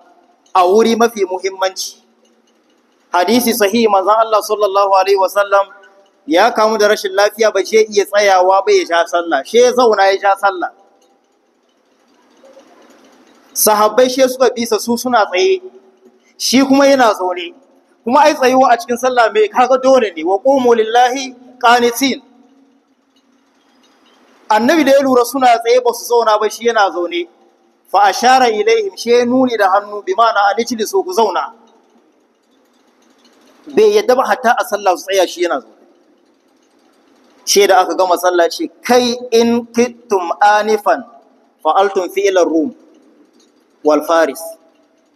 a wuri mafi muhimmanci hadisi sahihi manzon Allah sallallahu alaihi wasallam ya kamu da rashin lafiya ba ce iya tsayawa ba ya sha sallah she zauna ya sha sallah sahabbai shi suka bisa su suna tsaye shi kuma yana zaune kuma ai tsayuwa a cikin sallah mai kaga dole ne wa qumu lillahi qanitin annabi da ya lura suna tsaye ba su zauna ba shi yana zaune fa ashara ilaihim ya nuni da hannu bi ma'ana an so ku zauna bai yadda ba hatta a sallah su tsaya shi yana zaune shi da aka gama sallah ce kai in kittum anifan fa'altum fi'lar rum wal faris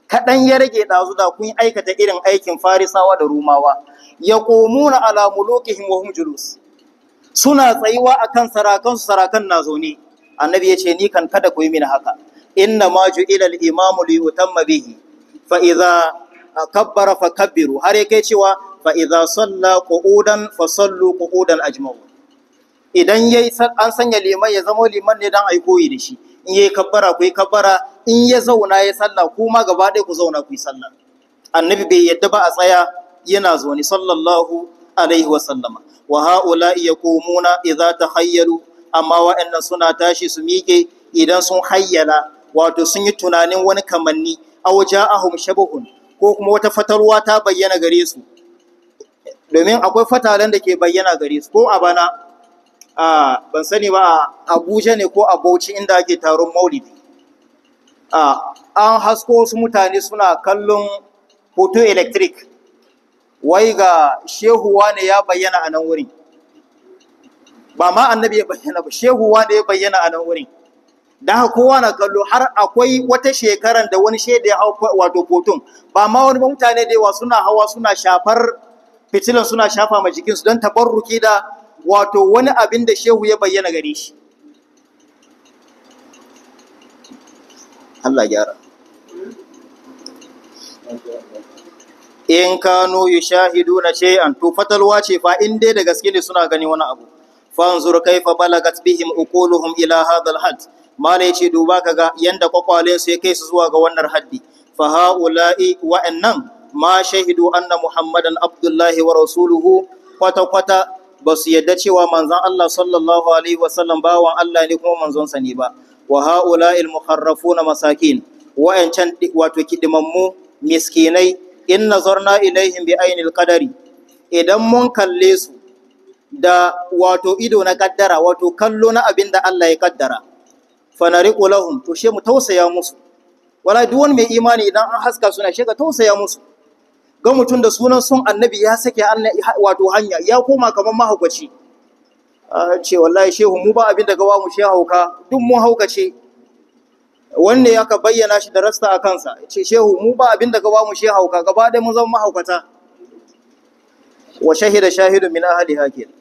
kaɗan ya rage ɗazu da kun aikata irin aikin farisawa da rumawa ya komuna ala mulukihim wa hum julus suna tsayuwa akan sarakan su sarakan na zaune annabi ya ce ni kan kada ku yi mini haka inna ma ju'ila al-imamu li yutamma bihi fa idza kabbara fa kabbiru har yake cewa fa idza salla qu'udan fa sallu qu'udan ajma'u idan yayi an sanya liman ya zama liman ne dan ayi koyi da shi in yayi kabbara ku yi kabbara in ya zauna ya sallah kuma gaba ɗaya ku zauna ku yi sallah annabi bai yadda ba a tsaya yana zaune sallallahu alaihi wa sallama wa haula yakumuna idza tahayyalu amma wa'annan suna tashi su miƙe idan sun hayyala wato sun yi tunanin wani kamanni aw ja'ahum shabuhun ko kuma wata fatarwa ta bayyana gare su domin akwai fatalan da ke bayyana gare su ko a bana a ban sani ba a Abuja ne ko a Bauchi inda ake taron Maulidi a an hasko su mutane suna kallon hoto electric wai ga shehu wane ya bayyana a nan wurin ba ma annabi ya bayyana ba shehu wane ya bayyana a nan wurin da haka kowa na kallo har akwai wata shekaran da wani shaida ya hau wato hoton ba ma wani mutane da yawa suna hawa suna shafar fitilan suna shafa ma jikinsu don tabarruki da wato wani abin da shehu ya bayyana gare shi Allah gyara in kano yi shahidu na an to fatalwa ce fa in dai da gaske ne suna gani wani abu fanzur kaifa balagat bihim uquluhum ila hadal had mala yace duba kaga yanda kwakwalen su ya kai su zuwa ga wannan haddi fa haula'i wa'annan ma shahidu anna muhammadan abdullahi wa rasuluhu kwata kwata ba su yadda cewa manzon Allah sallallahu alaihi wasallam bawan Allah ne kuma manzonsa ne ba wa ha'ula'il na masakin wa'ancan wato kidimammu miskinai in nazarna ilaihim bi ainil qadari idan mun kalle su da wato ido na kaddara wato kallo na abin da Allah ya kaddara fanariqu lahum to she mu tausaya musu wala duk wani mai imani idan an haska suna she tausaya musu ga mutum da sunan sun annabi ya sake wato hanya ya koma kamar mahaukaci ce wallahi shehu mu ba abin da gawa mu shi hauka duk mun haukace wanda ya ka bayyana shi da rasta a kansa ce shehu mu ba abin da gawa mu shi hauka gaba ɗaya mun zama mahaukata wa shahida shahidu min ahli hakin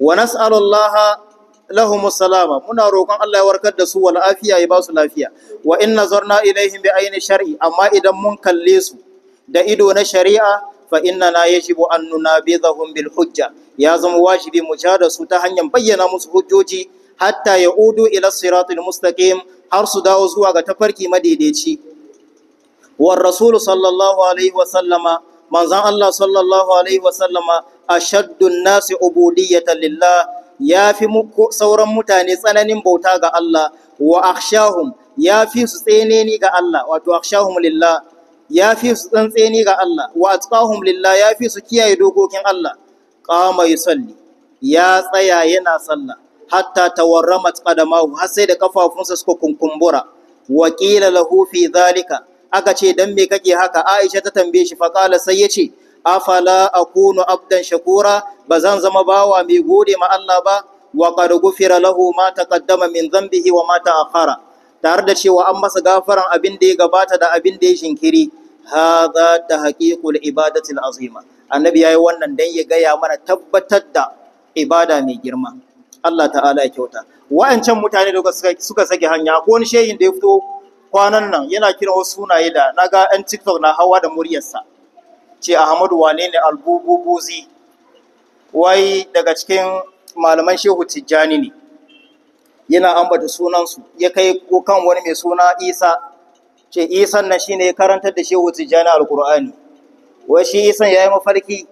wa nas'alullaha lahum salama muna roƙon Allah ya warkar da su wa lafiya ya ba su lafiya wa in nazarna ilaihim bi ayni shar'i amma idan mun kalle su da ido na shari'a fa inna na yajibu an hun bil hujja ya zama wajibi mu ca da su ta hanyar bayyana musu hujjoji hatta ya udu ila siratul mustaqim har su dawo zuwa ga tafarki madaidaici war rasul sallallahu alaihi wa sallama manzan Allah sallallahu alaihi wa sallama ashaddun nasi ubudiyata lillah yafi sauran mutane tsananin bauta ga Allah wa akhshahum fi su tseneni ga Allah wato akhshahum lillah ya fi su tsantseni ga Allah wa atqahum lillah ya fi su kiyaye dokokin Allah qama yusalli ya tsaya yana sallah hatta tawarramat qadamahu har sai da kafafunsa suka kunkumbura wa qila lahu fi aka ce dan me kake haka Aisha ta tambaye shi fa qala sai yace afala akunu abdan shakura bazan zama bawa mai gode ma Allah ba wa qad lahu ma taqaddama min dhanbihi wa ma fara. tare da cewa an masa gafaran abin da ya gabata da abin da ya shinkiri hadha tahqiqul ibadatul azima annabi ya yi wannan dan ya gaya mana tabbatar da ibada mai girma Allah ta'ala ya kyauta wa'ancan mutane da suka sake hanya ko wani shehin da ya fito kwanan nan yana kiran wasu sunaye da naga 'yan TikTok na hawa da muryarsa ce Ahmadu wane ne albububuzi wai daga cikin malaman Shehu Tijjani ne yana ambata sunansu ya kai kan wani mai suna isa ce isan nan shine ya karantar da shehu tijjani alkur'ani wai shi isan ya yi mafarki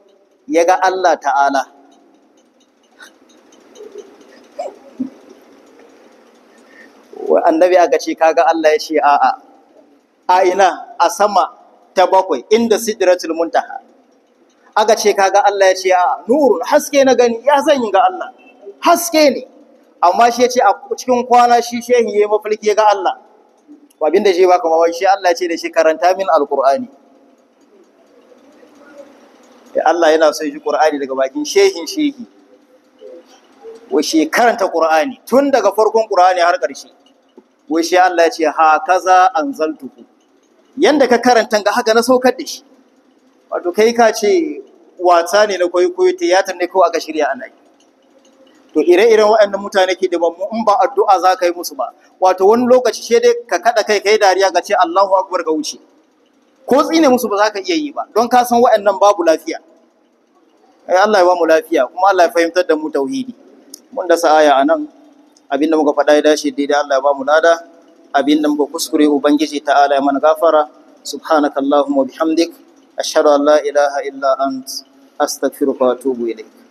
ya ga allah ta'ala wa annabi aka ce kaga allah ya ce a'a a ina a sama ta bakwai inda sidratul muntaha aka ce kaga allah ya ce a'a nurul haske na gani ya zanyi ga allah haske ne amma shi ya ce a cikin kwana shi shehin ya yi mafarki ga Allah abin da shi ba kuma wai shi Allah ce da shi karanta min alkur'ani Allah yana son shi qur'ani daga bakin shehin shehi Wa shi karanta qur'ani tun daga farkon qur'ani har ƙarshe wai shi Allah ya ce ha kaza anzaltuhu yanda ka karanta ga haka na saukar da shi wato kai ka ce wata ne na kwaikwayo tiyatar ne kawai aka shirya ana to ire-iren waɗannan mutane ke da mu in ba addu'a za ka yi musu ba wato wani lokaci shi dai ka kaɗa kai kai dariya ga ce Allahu akbar ga wuce ko tsine musu ba za ka iya yi ba don ka san waɗannan babu lafiya ai eh, Allah ya ba mu lafiya kuma Allah ya fahimtar da mu tauhidi mun da sa'aya anan abin da muka faɗa ya dace daidai Allah ya ba mu lada abin da muka kuskure ubangiji ta'ala ya mana gafara subhanakallahumma wa bihamdik ashhadu an la ilaha illa ant astaghfiruka wa atubu ilayk